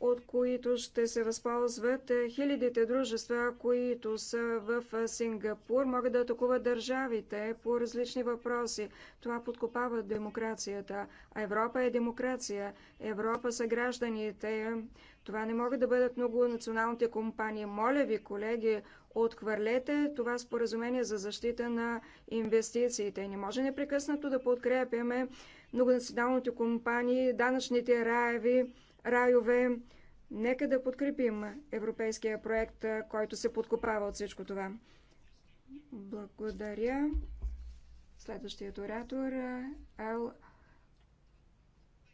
от които ще се възползват е, хилядите дружества, които са в е, Сингапур, могат да атакуват държавите по различни въпроси. Това подкопава демокрацията. А Европа е демокрация. Европа са гражданите. Това не могат да бъдат много националните компании. Моля ви, колеги, отхвърлете това споразумение за защита на инвестициите. Не може непрекъснато да подкрепяме многонационалните компании, данъчните раеви, райове. Нека да подкрепим европейския проект, който се подкопава от всичко това. Благодаря. Следващият оратор е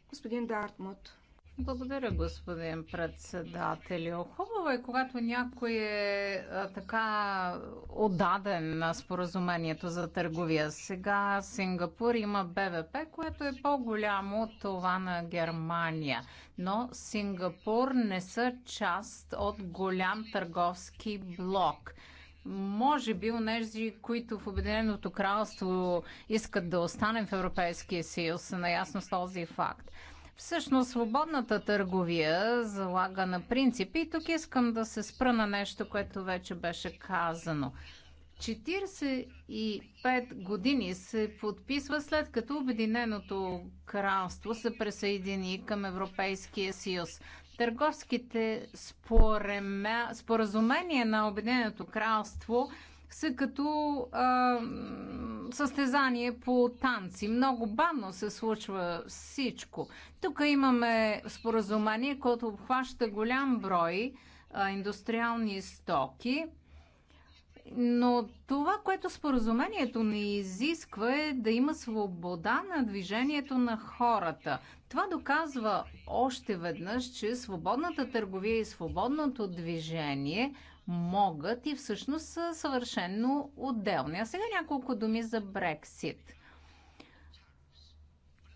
господин Дартмут. Благодаря, господин председател. Хубаво е, когато някой е така отдаден на споразумението за търговия. Сега Сингапур има БВП, което е по-голямо от това на Германия. Но Сингапур не са част от голям търговски блок може би онези, които в Обединеното кралство искат да останем в Европейския съюз, са наясно с този факт. Всъщност, свободната търговия залага на принципи и тук искам да се спра на нещо, което вече беше казано. 45 години се подписва след като Обединеното кралство се присъедини към Европейския съюз. Търговските споразумения на Обединеното кралство – са като а, състезание по танци. Много бавно се случва всичко. Тук имаме споразумение, което обхваща голям брой а, индустриални стоки. Но това, което споразумението ни изисква е да има свобода на движението на хората. Това доказва още веднъж, че свободната търговия и свободното движение – могат и всъщност са съвършенно отделни. А сега няколко думи за Брексит.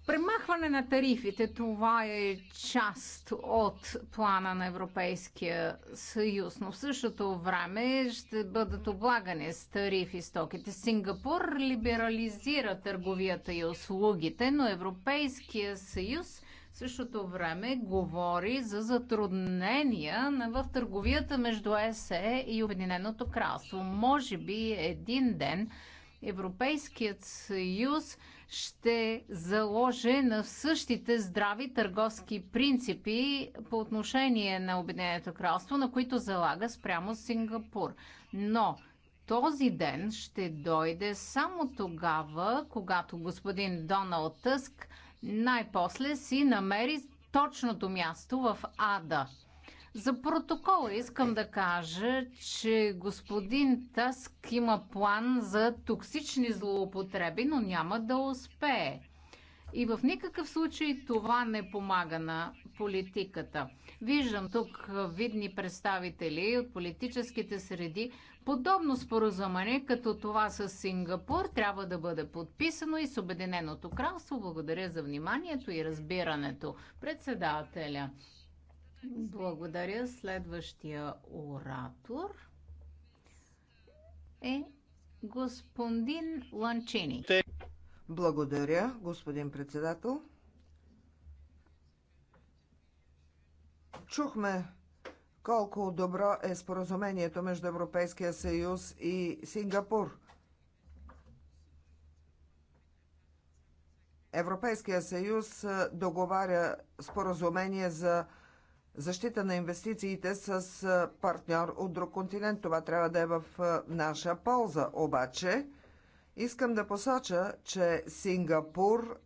Премахване на тарифите, това е част от плана на Европейския съюз, но в същото време ще бъдат облагани с тарифи стоките. Сингапур либерализира търговията и услугите, но Европейския съюз в същото време говори за затруднения в търговията между ЕСЕ и Обединеното кралство. Може би един ден Европейският съюз ще заложи на същите здрави търговски принципи по отношение на Обединеното кралство, на които залага спрямо Сингапур. Но този ден ще дойде само тогава, когато господин Доналд Тъск най-после си намери точното място в ада. За протокола искам да кажа, че господин Тъск има план за токсични злоупотреби, но няма да успее. И в никакъв случай това не помага на политиката. Виждам тук видни представители от политическите среди. Подобно споразумение, като това с Сингапур, трябва да бъде подписано и с Обединеното кралство. Благодаря за вниманието и разбирането. Председателя. Благодаря. Следващия оратор е господин Ланчини.
Благодаря, господин председател. Чухме колко добро е споразумението между Европейския съюз и Сингапур. Европейския съюз договаря споразумение за защита на инвестициите с партньор от друг континент. Това трябва да е в наша полза. Обаче, Искам да посоча, че Сингапур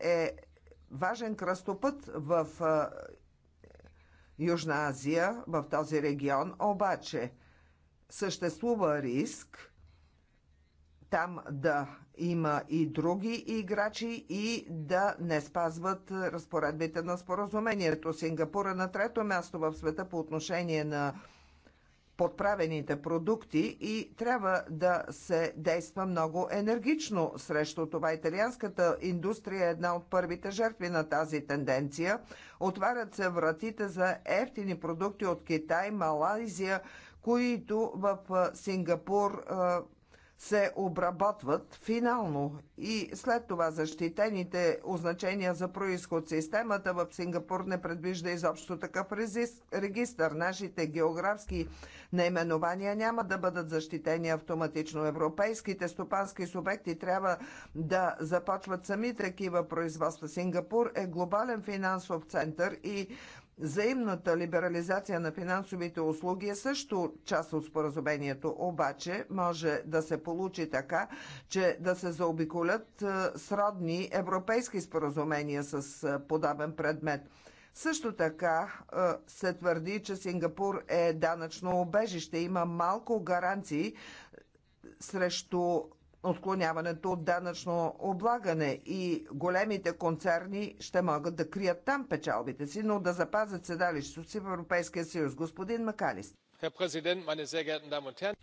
е важен кръстопът в Южна Азия, в този регион, обаче съществува риск там да има и други играчи и да не спазват разпоредбите на споразумението. Сингапур е на трето място в света по отношение на подправените продукти и трябва да се действа много енергично срещу това. Италианската индустрия е една от първите жертви на тази тенденция. Отварят се вратите за ефтини продукти от Китай, Малайзия, които в Сингапур се обработват финално и след това защитените означения за происход. Системата в Сингапур не предвижда изобщо такъв регистр. Нашите географски наименования няма да бъдат защитени автоматично. Европейските стопански субекти трябва да започват сами такива производства. Сингапур е глобален финансов център и Взаимната либерализация на финансовите услуги е също част от споразумението, обаче може да се получи така, че да се заобиколят е, сродни европейски споразумения с е, подобен предмет. Също така е, се твърди, че Сингапур е данъчно обежище. Има малко гаранции срещу отклоняването от данъчно облагане и големите концерни ще могат да крият там печалбите си, но да запазят седалището си в Европейския съюз. Господин Макалист.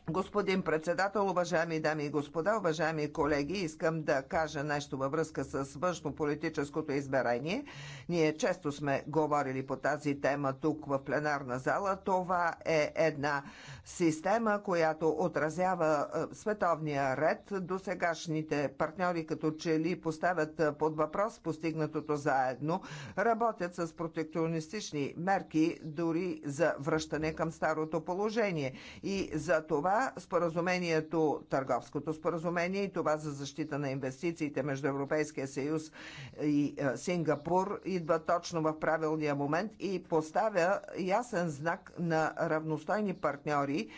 Господин председател, уважаеми дами и господа, уважаеми колеги, искам да кажа нещо във връзка с външно-политическото измерение. Ние често сме говорили по тази тема тук в пленарна зала. Това е една система, която отразява е, световния ред. До сегашните партньори като че ли поставят е, под въпрос постигнатото заедно, работят с протекционистични мерки дори за връщане към старото положение. И за това споразумението, търговското споразумение и това за защита на инвестициите между Европейския съюз и е, Сингапур идва точно в правилния момент и поставя ясен знак на равностойни партньори,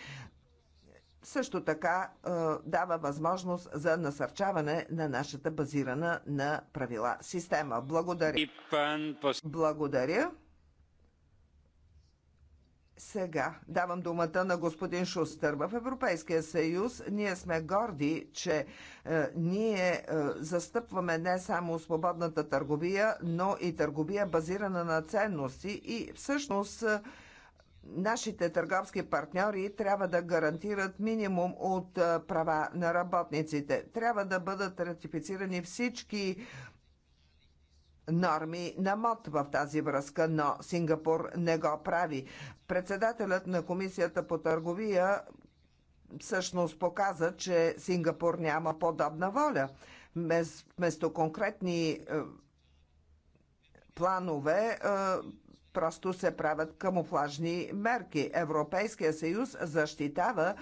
също така е, дава възможност за насърчаване на нашата базирана на правила система. Благодаря. Благодаря. Сега давам думата на господин Шустър. В Европейския съюз ние сме горди, че е, ние е, застъпваме не само свободната търговия, но и търговия базирана на ценности и всъщност е, нашите търговски партньори трябва да гарантират минимум от е, права на работниците. Трябва да бъдат ратифицирани всички норми на МОД в тази връзка, но Сингапур не го прави. Председателят на Комисията по търговия всъщност показа, че Сингапур няма подобна воля. Вместо конкретни е, планове, е, просто се правят камуфлажни мерки. Европейския съюз защитава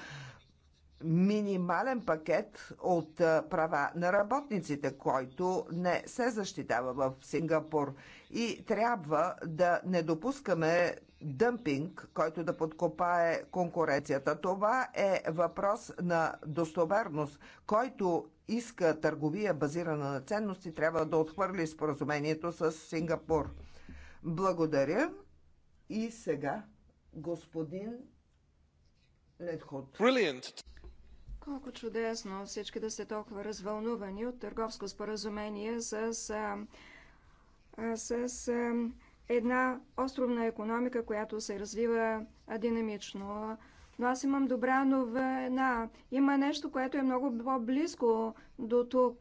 минимален пакет от права на работниците, който не се защитава в Сингапур. И трябва да не допускаме дъмпинг, който да подкопае конкуренцията. Това е въпрос на достоверност, който иска търговия базирана на ценности, трябва да отхвърли споразумението с Сингапур. Благодаря. И сега господин Ледхот. Brilliant. Колко
чудесно всички да сте толкова развълнувани от търговско споразумение с, с, с една островна економика, която се развива динамично. Но аз имам добра новина. Има нещо, което е много по-близко до тук,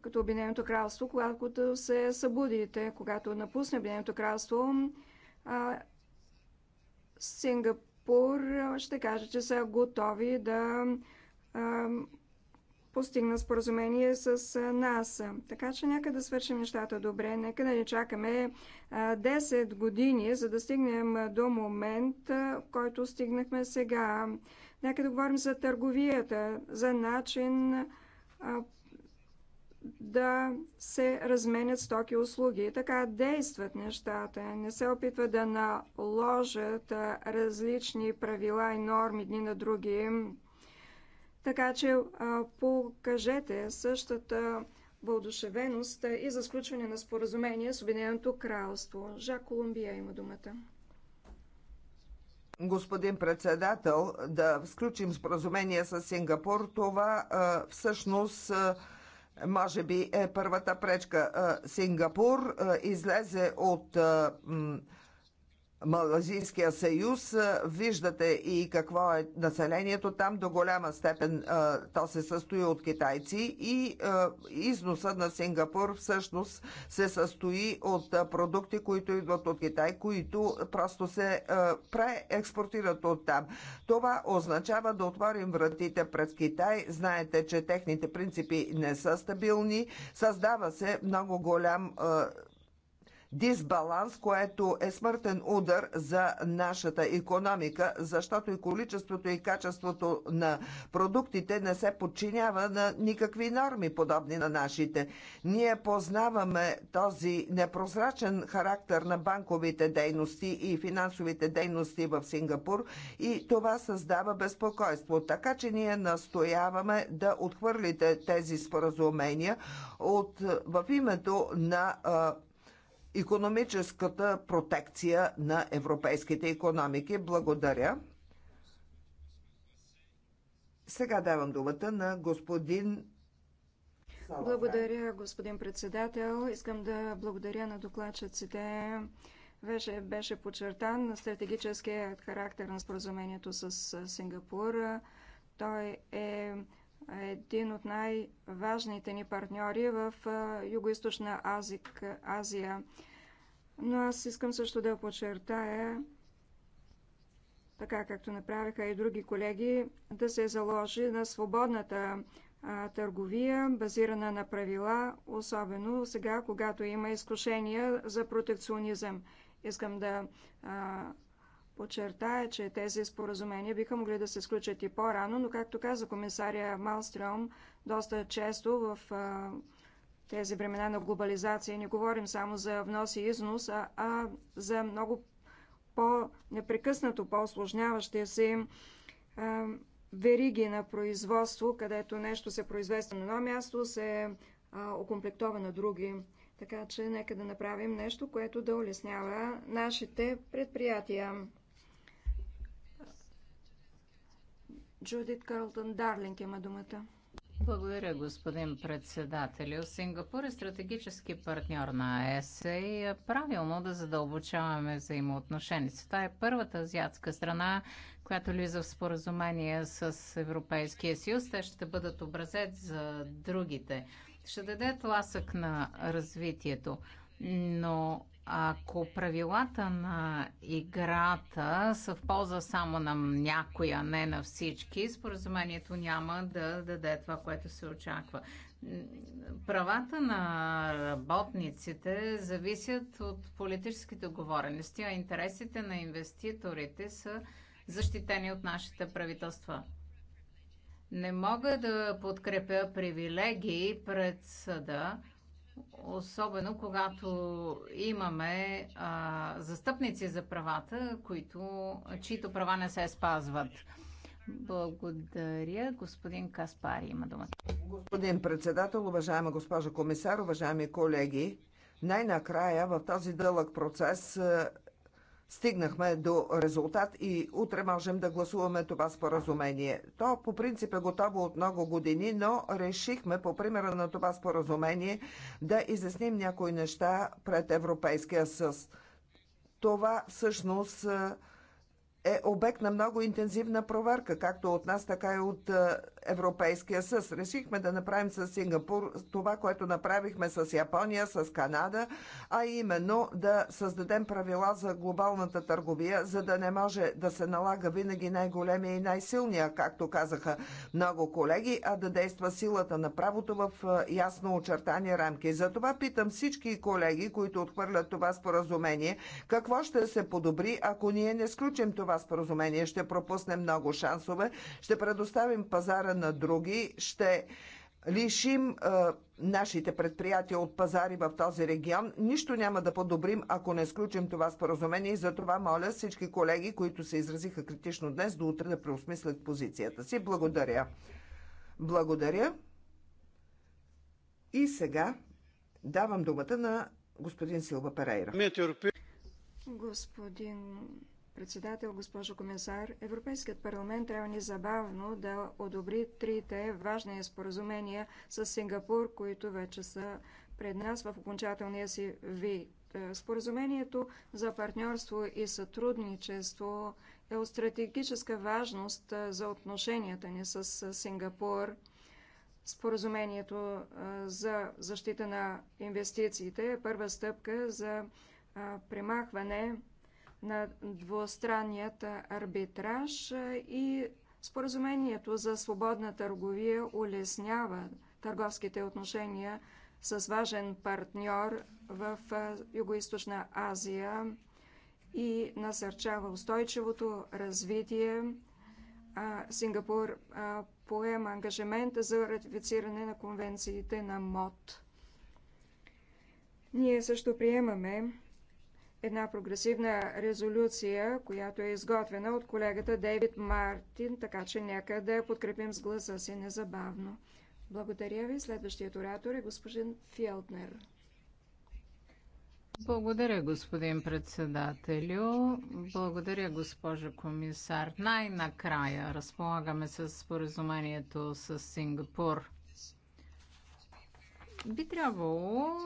като Обединеното кралство, когато се събудите, когато напусне Обединеното кралство. Сингапур ще каже, че са готови да постигна споразумение с нас. Така че нека да свършим нещата добре, нека да не чакаме 10 години, за да стигнем до момент, в който стигнахме сега. Нека да говорим за търговията, за начин да се разменят стоки и услуги. Така действат нещата. Не се опитват да наложат различни правила и норми дни на други. Така че покажете същата вълдушевеност и за сключване на споразумение с Обединеното кралство. Жак Колумбия има думата.
Господин председател, да включим споразумение с Сингапур, това всъщност може би е първата пречка. Сингапур излезе от Малазийския съюз. Виждате и какво е населението там. До голяма степен то се състои от китайци и износът на Сингапур всъщност се състои от продукти, които идват от Китай, които просто се преекспортират от там. Това означава да отворим вратите пред Китай. Знаете, че техните принципи не са стабилни. Създава се много голям дисбаланс, което е смъртен удар за нашата економика, защото и количеството и качеството на продуктите не се подчинява на никакви норми, подобни на нашите. Ние познаваме този непрозрачен характер на банковите дейности и финансовите дейности в Сингапур и това създава безпокойство. Така че ние настояваме да отхвърлите тези споразумения от, в името на економическата протекция на европейските економики. Благодаря. Сега давам думата на господин
благодаря, господин председател. Искам да благодаря на докладчиците. Беше, беше подчертан на стратегическия характер на споразумението с Сингапур. Той е един от най-важните ни партньори в Юго-Источна Азия. Но аз искам също да подчертая, така както направиха и други колеги, да се заложи на свободната търговия, базирана на правила, особено сега, когато има изкушения за протекционизъм. Искам да подчертая, че тези споразумения биха могли да се сключат и по-рано, но както каза комисария Малстрем, доста често в а, тези времена на глобализация не говорим само за внос и износ, а, а за много по-непрекъснато, по осложняващи се а, вериги на производство, където нещо се произвежда на едно място, се а, окомплектова на други. Така че нека да направим нещо, което да улеснява нашите предприятия. Джудит Карлтън Дарлинг има думата.
Благодаря, господин председател. Сингапур е стратегически партньор на ЕС и е правилно да задълбочаваме взаимоотношенията. Това е първата азиатска страна, която влиза в споразумение с Европейския съюз. Те ще бъдат образец за другите. Ще даде тласък на развитието. Но ако правилата на играта са в полза само на някоя, не на всички, споразумението няма да даде това, което се очаква. Правата на работниците зависят от политическите договорености, а интересите на инвеститорите са защитени от нашите правителства. Не мога да подкрепя привилегии пред съда, особено когато имаме а, застъпници за правата, които, чието права не се спазват. Благодаря. Господин Каспари
има думата. Господин председател, уважаема госпожа комисар, уважаеми колеги, най-накрая в този дълъг процес стигнахме до резултат и утре можем да гласуваме това споразумение. То по принцип е готово от много години, но решихме по примера на това споразумение да изясним някои неща пред Европейския със. Това всъщност е обект на много интензивна проверка, както от нас, така и от е, Европейския съюз. Решихме да направим с Сингапур това, което направихме с Япония, с Канада, а именно да създадем правила за глобалната търговия, за да не може да се налага винаги най-големия и най-силния, както казаха много колеги, а да действа силата на правото в ясно очертани рамки. Затова питам всички колеги, които отхвърлят това споразумение, какво ще се подобри, ако ние не сключим това споразумение? Ще пропуснем много шансове, ще предоставим пазара пазара на други, ще лишим е, нашите предприятия от пазари в този регион. Нищо няма да подобрим, ако не сключим това споразумение и за това моля всички колеги, които се изразиха критично днес, до утре да преосмислят позицията си. Благодаря. Благодаря. И сега давам думата на господин Силва Перейра.
Господин председател, госпожо комисар. Европейският парламент трябва незабавно да одобри трите важни споразумения с Сингапур, които вече са пред нас в окончателния си вид. Е, споразумението за партньорство и сътрудничество е от стратегическа важност е, за отношенията ни с Сингапур. Споразумението е, за защита на инвестициите е първа стъпка за премахване на двустранният арбитраж и споразумението за свободна търговия улеснява търговските отношения с важен партньор в Юго-Источна Азия и насърчава устойчивото развитие. Сингапур поема ангажимент за ратифициране на конвенциите на МОД. Ние също приемаме една прогресивна резолюция, която е изготвена от колегата Дейвид Мартин, така че нека да я подкрепим с гласа си незабавно. Благодаря ви. Следващият оратор е господин Фелтнер.
Благодаря, господин председателю. Благодаря, госпожо комисар. Най-накрая разполагаме с споразумението с Сингапур. Би трябвало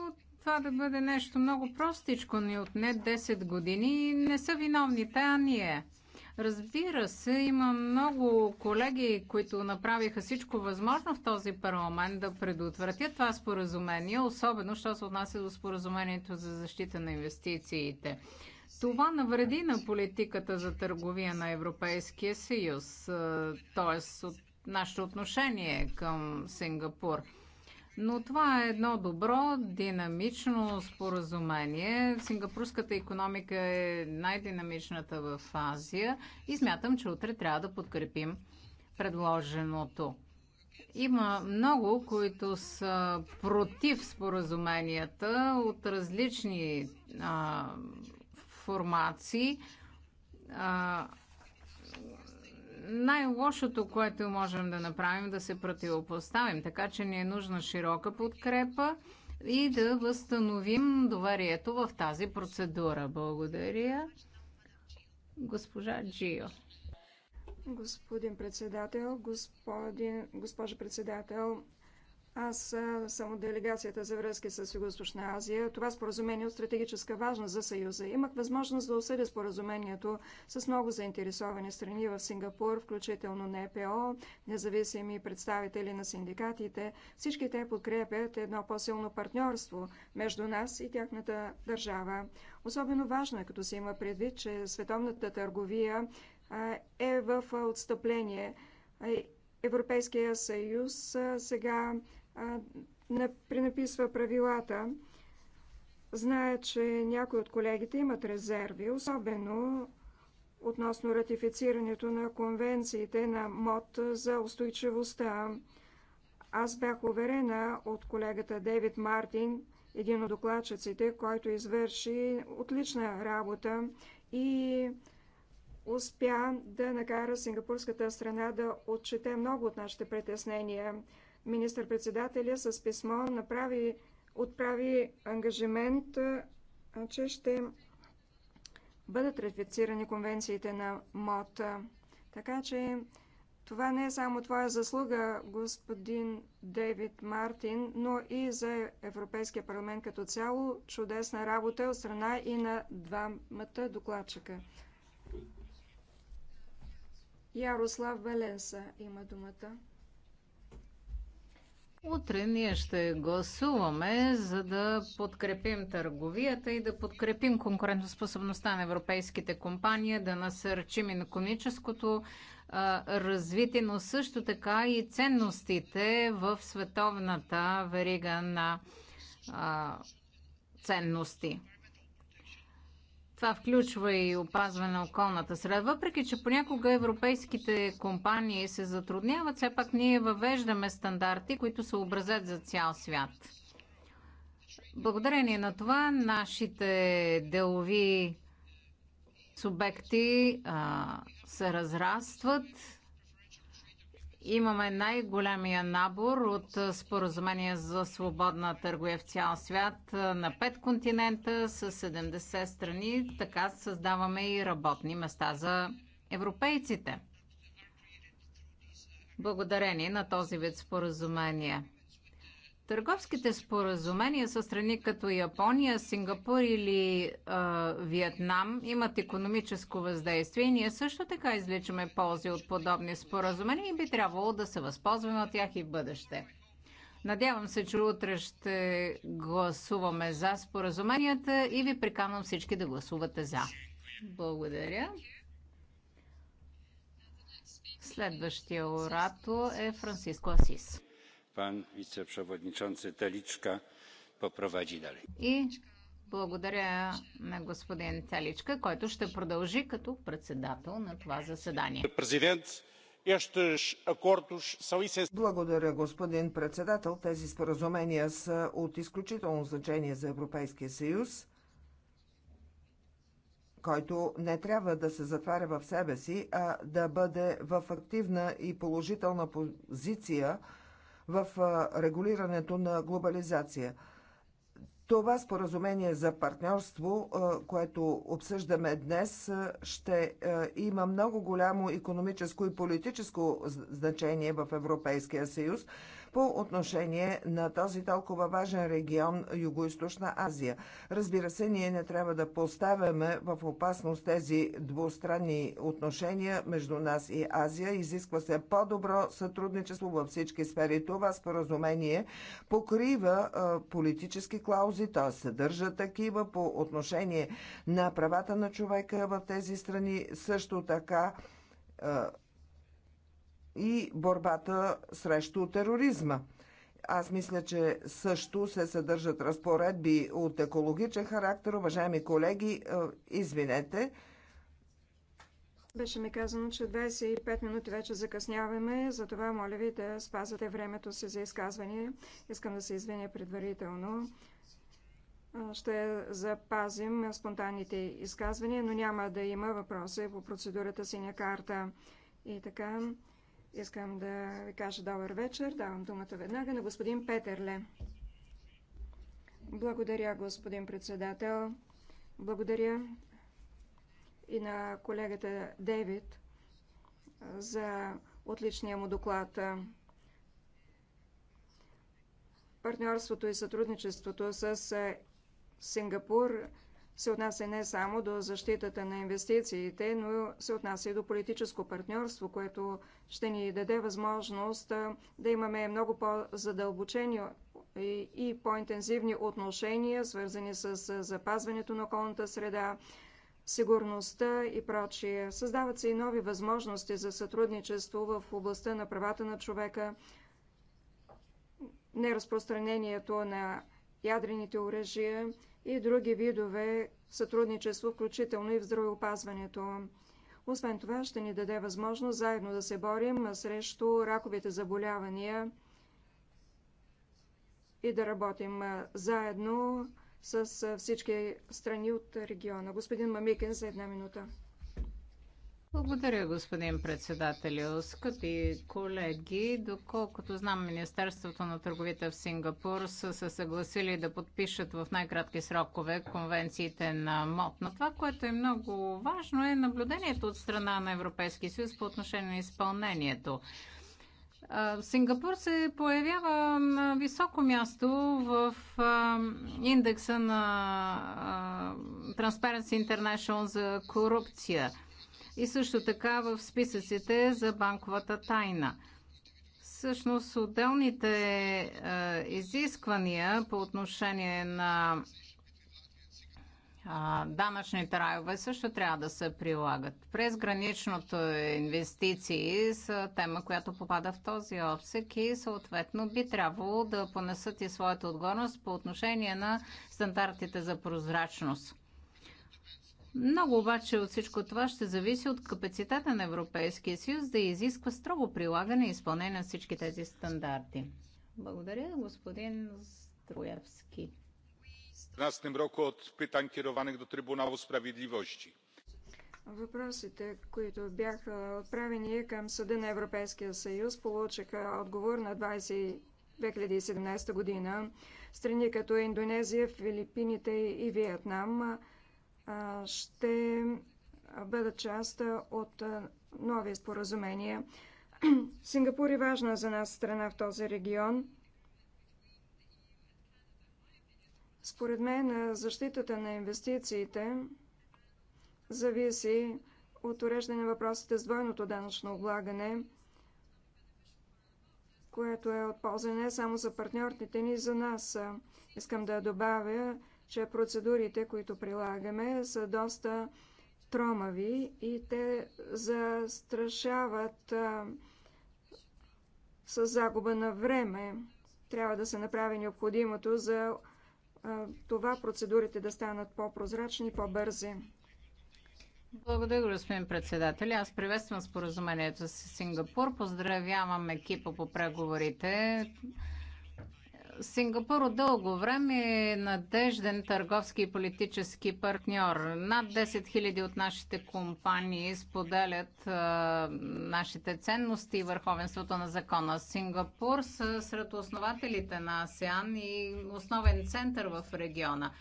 това да бъде нещо много простичко, ни отне 10 години и не са виновните, а ние. Разбира се, има много колеги, които направиха всичко възможно в този парламент да предотвратят това споразумение, особено що се отнася до споразумението за защита на инвестициите. Това навреди на политиката за търговия на Европейския съюз, е, т.е. от нашето отношение към Сингапур. Но това е едно добро, динамично споразумение. Сингапурската економика е най-динамичната в Азия и смятам, че утре трябва да подкрепим предложеното. Има много, които са против споразуменията от различни а, формации. А, най-лошото, което можем да направим, да се противопоставим. Така че ни е нужна широка подкрепа и да възстановим доверието в тази процедура. Благодаря. Госпожа Джио.
Господин председател, господин, госпожа председател, аз съм от делегацията за връзки с Юго-Источна Азия. Това споразумение е от стратегическа важност за Съюза. Имах възможност да осъдя споразумението с много заинтересовани страни в Сингапур, включително ЕПО, независими представители на синдикатите. Всички те подкрепят едно по-силно партньорство между нас и тяхната държава. Особено важно е, като се има предвид, че световната търговия е в отстъпление Европейския съюз сега пренаписва правилата. Зная, че някои от колегите имат резерви, особено относно ратифицирането на конвенциите на МОД за устойчивостта. Аз бях уверена от колегата Дейвид Мартин, един от докладчиците, който извърши отлична работа и успя да накара сингапурската страна да отчете много от нашите притеснения. Министър-председателя с писмо направи, отправи ангажимент, че ще бъдат ратифицирани конвенциите на МОД. Така че това не е само твоя заслуга, господин Дейвид Мартин, но и за Европейския парламент като цяло. Чудесна работа от страна и на двамата докладчика. Ярослав Веленса има думата.
Утре ние ще гласуваме, за да подкрепим търговията и да подкрепим конкурентоспособността на европейските компании, да насърчим економическото развитие, но също така и ценностите в световната верига на а, ценности. Това включва и опазване на околната среда. Въпреки, че понякога европейските компании се затрудняват, все пак ние въвеждаме стандарти, които са образят за цял свят. Благодарение на това нашите делови субекти а, се разрастват Имаме най-големия набор от споразумения за свободна търговия в цял свят на пет континента с 70 страни. Така създаваме и работни места за европейците. Благодарение на този вид споразумения. Търговските споразумения с страни като Япония, Сингапур или а, Виетнам имат економическо въздействие и ние също така изличаме ползи от подобни споразумения и би трябвало да се възползваме от тях и в бъдеще. Надявам се, че утре ще гласуваме за споразуменията и ви приканвам всички да гласувате за. Благодаря. Следващия оратор е Франциско Асис pan wiceprzewodniczący Teliczka poprowadzi dalej. И благодаря на господин Теличка, който ще продължи като председател на
това заседание. благодаря, господин председател. Тези споразумения са от изключително значение за Европейския съюз, който не трябва да се затваря в себе си, а да бъде в активна и положителна позиция – в регулирането на глобализация. Това споразумение за партньорство, което обсъждаме днес, ще има много голямо економическо и политическо значение в Европейския съюз по отношение на този толкова важен регион Юго-Источна Азия. Разбира се, ние не трябва да поставяме в опасност тези двустранни отношения между нас и Азия. Изисква се по-добро сътрудничество във всички сфери. Това споразумение покрива политически клаузи, т.е. съдържа такива по отношение на правата на човека в тези страни. Също така и борбата срещу тероризма. Аз мисля, че също се съдържат разпоредби от екологичен характер. Уважаеми колеги, е, извинете.
Беше ми казано, че 25 минути вече закъсняваме, затова моля ви да спазвате времето си за изказване. Искам да се извиня предварително. Е, ще запазим спонтанните изказвания, но няма да има въпроси по процедурата синя карта. И така, Искам да ви кажа добър вечер. Давам думата веднага на господин Петерле. Благодаря, господин председател. Благодаря и на колегата Дейвид за отличния му доклад. Партньорството и сътрудничеството с Сингапур се отнася не само до защитата на инвестициите, но се отнася и до политическо партньорство, което ще ни даде възможност да имаме много по-задълбочени и по-интензивни отношения, свързани с запазването на околната среда, сигурността и прочие. Създават се и нови възможности за сътрудничество в областта на правата на човека, неразпространението на ядрените оръжия и други видове сътрудничество, включително и в здравеопазването. Освен това, ще ни даде възможност заедно да се борим срещу раковите заболявания и да работим заедно с всички страни от региона. Господин Мамикен за една минута.
Благодаря, господин председателю. Скъпи колеги, доколкото знам, Министерството на търговията в Сингапур са се съгласили да подпишат в най-кратки срокове конвенциите на МОП. Но това, което е много важно, е наблюдението от страна на Европейския съюз по отношение на изпълнението. Сингапур се появява на високо място в индекса на Transparency International за корупция – и също така в списъците за банковата тайна. Всъщност отделните е, изисквания по отношение на данъчните райове също трябва да се прилагат. През граничното инвестиции са тема, която попада в този обсек и съответно би трябвало да понесат и своята отговорност по отношение на стандартите за прозрачност. Много обаче от всичко това ще зависи от капацитета на Европейския съюз да изисква строго прилагане и изпълнение на всички тези стандарти. Благодаря, господин Строявски.
W 2012 roku od
pytań kierowanych do
Въпросите, които бяха отправени към Съда на Европейския съюз, получиха отговор на 20... 2017 година. Страни като Индонезия, Филипините и Виетнам ще бъда част от нови споразумения. [clears throat] Сингапур е важна за нас страна в този регион. Според мен защитата на инвестициите зависи от уреждане на въпросите с двойното данъчно облагане, което е от полза не само за партньорните, ни, за нас. Искам да добавя, че процедурите, които прилагаме, са доста тромави и те застрашават с загуба на време. Трябва да се направи необходимото за това процедурите да станат по-прозрачни и по-бързи.
Благодаря, господин председател. Аз приветствам споразумението с Сингапур. Поздравявам екипа по преговорите. Сингапур от дълго време е надежден търговски и политически партньор. Над 10 000 от нашите компании споделят е, нашите ценности и върховенството на закона. Сингапур са сред основателите на АСЕАН и основен център в региона.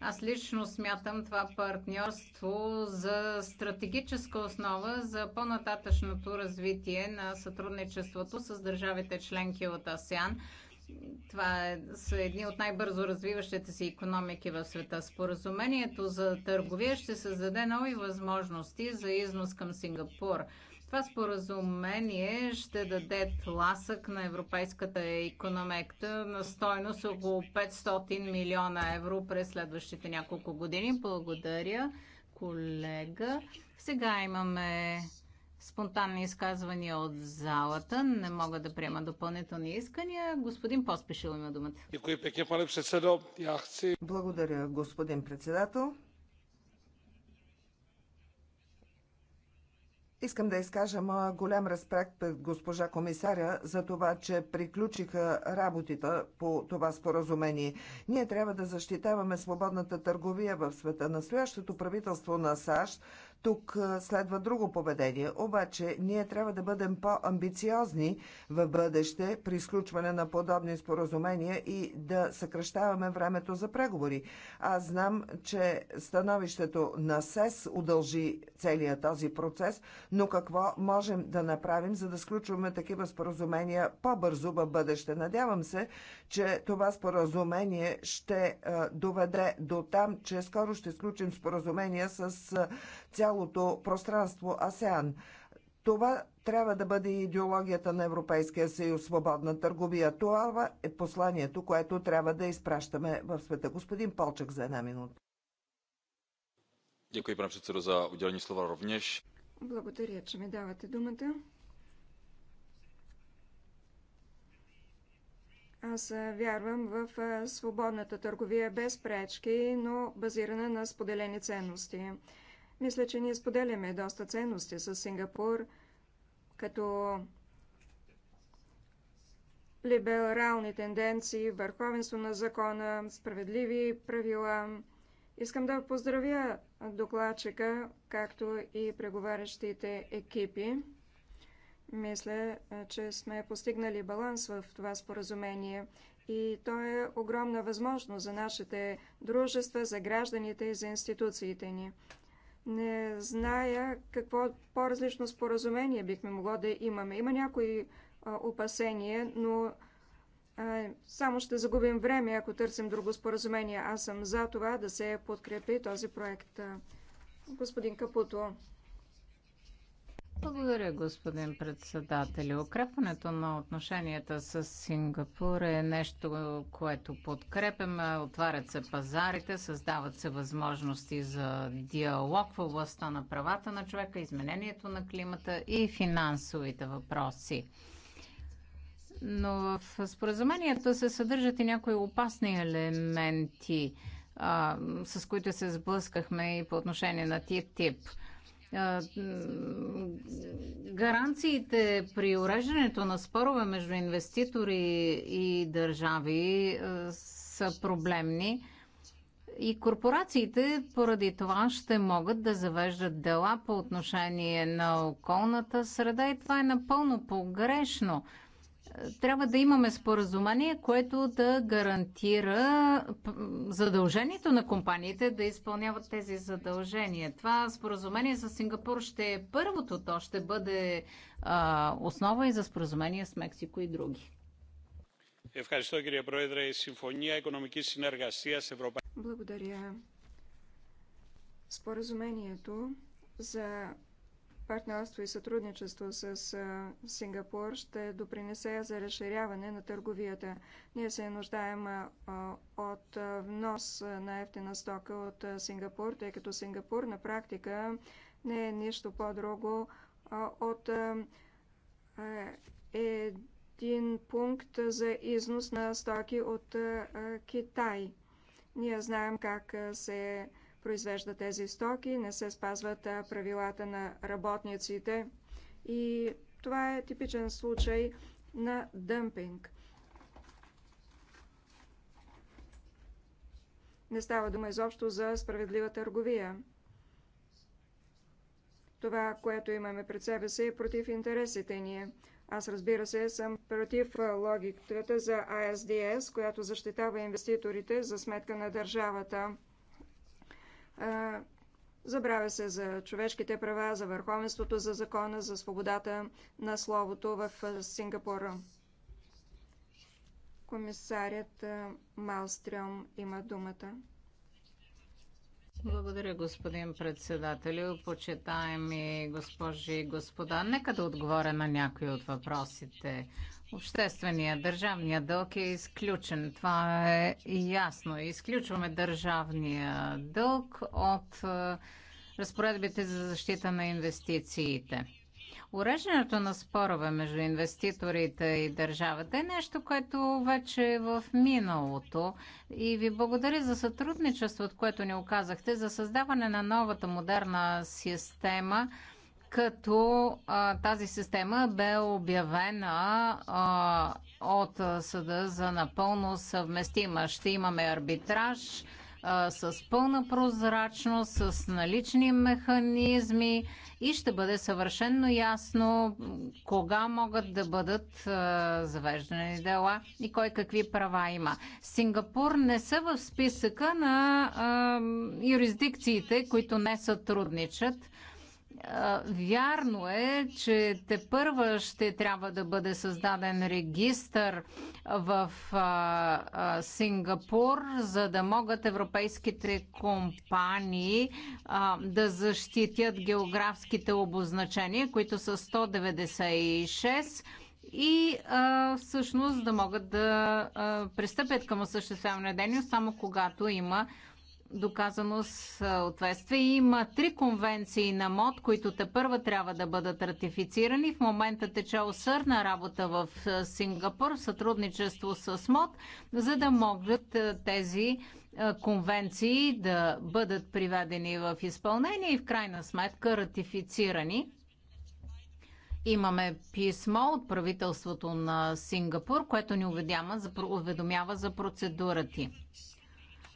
Аз лично смятам това партньорство за стратегическа основа за по-нататъчното развитие на сътрудничеството с държавите членки от АСЕАН – това е, са едни от най-бързо развиващите се економики в света. Споразумението за търговия ще създаде нови възможности за износ към Сингапур. Това споразумение ще даде тласък на европейската економика на стойност около 500 милиона евро през следващите няколко години. Благодаря, колега. Сега имаме спонтанни изказвания от залата. Не мога да приема допълнителни искания. Господин Поспешил има думата.
Благодаря, господин председател. Искам да изкажа моя голям респект пред госпожа комисаря за това, че приключиха работите по това споразумение. Ние трябва да защитаваме свободната търговия в света. Настоящото правителство на САЩ тук следва друго поведение, обаче ние трябва да бъдем по-амбициозни в бъдеще при сключване на подобни споразумения и да съкръщаваме времето за преговори. Аз знам, че становището на СЕС удължи целият този процес, но какво можем да направим, за да сключваме такива споразумения по-бързо в бъдеще? Надявам се, че това споразумение ще доведе до там, че скоро ще сключим споразумения с цялото пространство АСЕАН. Това трябва да бъде идеологията на Европейския съюз свободна търговия. Това е посланието, което трябва да изпращаме в света. Господин Полчък за една минута. Дякую, пане председател, за отделени слова ровнеш. Благодаря, че
ми давате думата. Аз вярвам в свободната търговия без пречки, но базирана на споделени ценности. Мисля, че ние споделяме доста ценности с Сингапур, като либерални тенденции, върховенство на закона, справедливи правила. Искам да поздравя докладчика, както и преговарящите екипи. Мисля, че сме постигнали баланс в това споразумение и то е огромна възможност за нашите дружества, за гражданите и за институциите ни. Не зная какво по-различно споразумение бихме могло да имаме. Има някои опасения, но само ще загубим време, ако търсим друго споразумение. Аз съм за това да се подкрепи този проект. Господин Капуто,
благодаря, господин председател. Укрепването на отношенията с Сингапур е нещо, което подкрепяме. Отварят се пазарите, създават се възможности за диалог в областта на правата на човека, изменението на климата и финансовите въпроси. Но в споразумението се съдържат и някои опасни елементи, а, с които се сблъскахме и по отношение на тип тип Гаранциите при уреждането на спорове между инвеститори и държави са проблемни и корпорациите поради това ще могат да завеждат дела по отношение на околната среда и това е напълно погрешно трябва да имаме споразумение, което да гарантира задължението на компаниите да изпълняват тези задължения. Това споразумение за Сингапур ще е първото, то ще бъде а, основа и за споразумение с Мексико и други.
Благодаря. Споразумението за партньорство и сътрудничество с Сингапур ще допринесе за разширяване на търговията. Ние се нуждаем от внос на ефтина стока от Сингапур, тъй като Сингапур на практика не е нищо по-друго от един пункт за износ на стоки от Китай. Ние знаем как се произвежда тези стоки, не се спазват правилата на работниците и това е типичен случай на дъмпинг. Не става дума изобщо за справедлива търговия. Това, което имаме пред себе си, е против интересите ни. Аз разбира се съм против логиката за ISDS, която защитава инвеститорите за сметка на държавата. Забравя се за човешките права, за върховенството, за закона, за свободата на словото в Сингапур. Комисарят Малстрем има думата.
Благодаря, господин председател, Почитаеми госпожи и господа, нека да отговоря на някои от въпросите. Обществения, държавния дълг е изключен. Това е ясно. Изключваме държавния дълг от разпоредбите за защита на инвестициите. Уреждането на спорове между инвеститорите и държавата е нещо, което вече е в миналото. И ви благодаря за сътрудничеството, което ни оказахте за създаване на новата модерна система, като а, тази система бе обявена а, от съда за напълно съвместима. Ще имаме арбитраж а, с пълна прозрачност, с налични механизми и ще бъде съвършенно ясно кога могат да бъдат а, завеждани дела и кой какви права има. Сингапур не са в списъка на а, юрисдикциите, които не сътрудничат Вярно е, че те първа ще трябва да бъде създаден регистър в Сингапур, за да могат европейските компании да защитят географските обозначения, които са 196 и а, всъщност да могат да а, пристъпят към осъществяване дейност само когато има доказано съответствие. Има три конвенции на МОД, които те първа трябва да бъдат ратифицирани. В момента тече усърна работа в Сингапур в сътрудничество с МОД, за да могат тези конвенции да бъдат приведени в изпълнение и в крайна сметка ратифицирани. Имаме писмо от правителството на Сингапур, което ни уведомява за процедурата.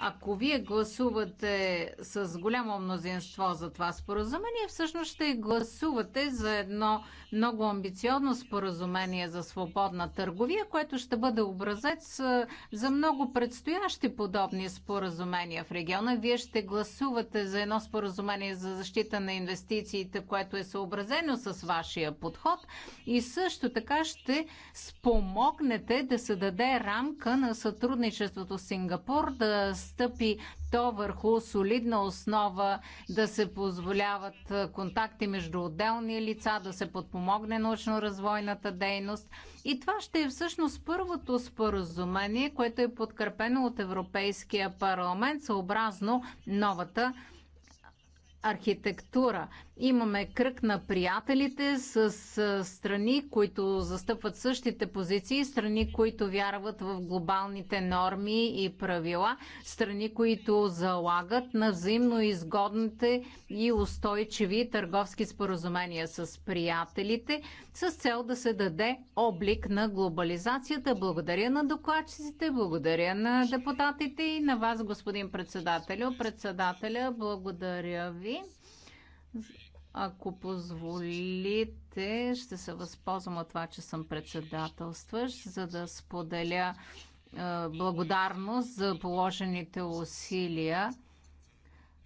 Ако вие гласувате с голямо мнозинство за това споразумение, всъщност ще гласувате за едно много амбициозно споразумение за свободна търговия, което ще бъде образец за много предстоящи подобни споразумения в региона. Вие ще гласувате за едно споразумение за защита на инвестициите, което е съобразено с вашия подход и също така ще спомогнете да се даде рамка на сътрудничеството с Сингапур да стъпи то върху солидна основа да се позволяват контакти между отделни лица, да се подпомогне научно-развойната дейност. И това ще е всъщност първото споразумение, което е подкрепено от Европейския парламент съобразно новата архитектура. Имаме кръг на приятелите с страни, които застъпват същите позиции, страни, които вярват в глобалните норми и правила, страни, които залагат на взаимно изгодните и устойчиви търговски споразумения с приятелите, с цел да се даде облик на глобализацията. Благодаря на докладчиците, благодаря на депутатите и на вас, господин председателю. Председателя, благодаря ви. Ако позволите, ще се възползвам от това, че съм председателстващ, за да споделя е, благодарност за положените усилия.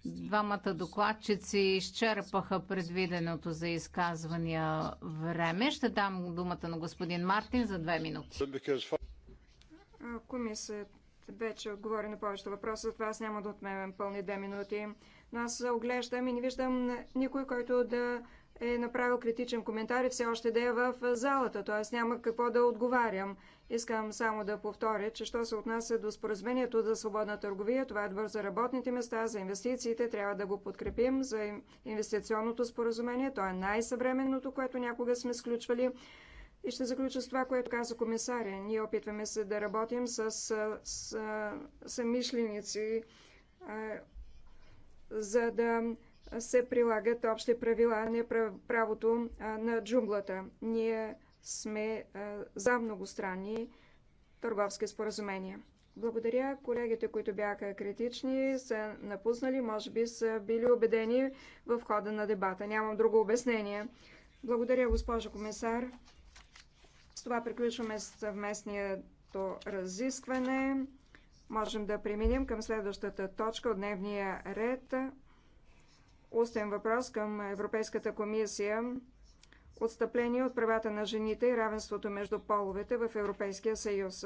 Двамата докладчици изчерпаха предвиденото за изказвания време. Ще дам думата на господин Мартин за две минути.
Комисията вече отговори на повечето въпроси, затова аз няма да отмемем пълни две минути. Аз оглеждам и не виждам никой, който да е направил критичен коментар и все още да е в залата, т.е. няма какво да отговарям. Искам само да повторя, че що се отнася до споразумението за свободна търговия, това е добър за работните места, за инвестициите, трябва да го подкрепим, за инвестиционното споразумение, то е най-съвременното, което някога сме сключвали. И ще заключа с това, което каза комисаря. Ние опитваме се да работим с, с, с самишленици, за да се прилагат общи правила, не правото на джунглата. Ние сме за многостранни търговски споразумения. Благодаря. Колегите, които бяха критични, са напуснали, може би са били убедени в хода на дебата. Нямам друго обяснение. Благодаря, госпожо комисар. С това приключваме съвместното разискване. Можем да преминем към следващата точка от дневния ред. Устен въпрос към Европейската комисия. Отстъпление от правата на жените и равенството между половете в Европейския съюз.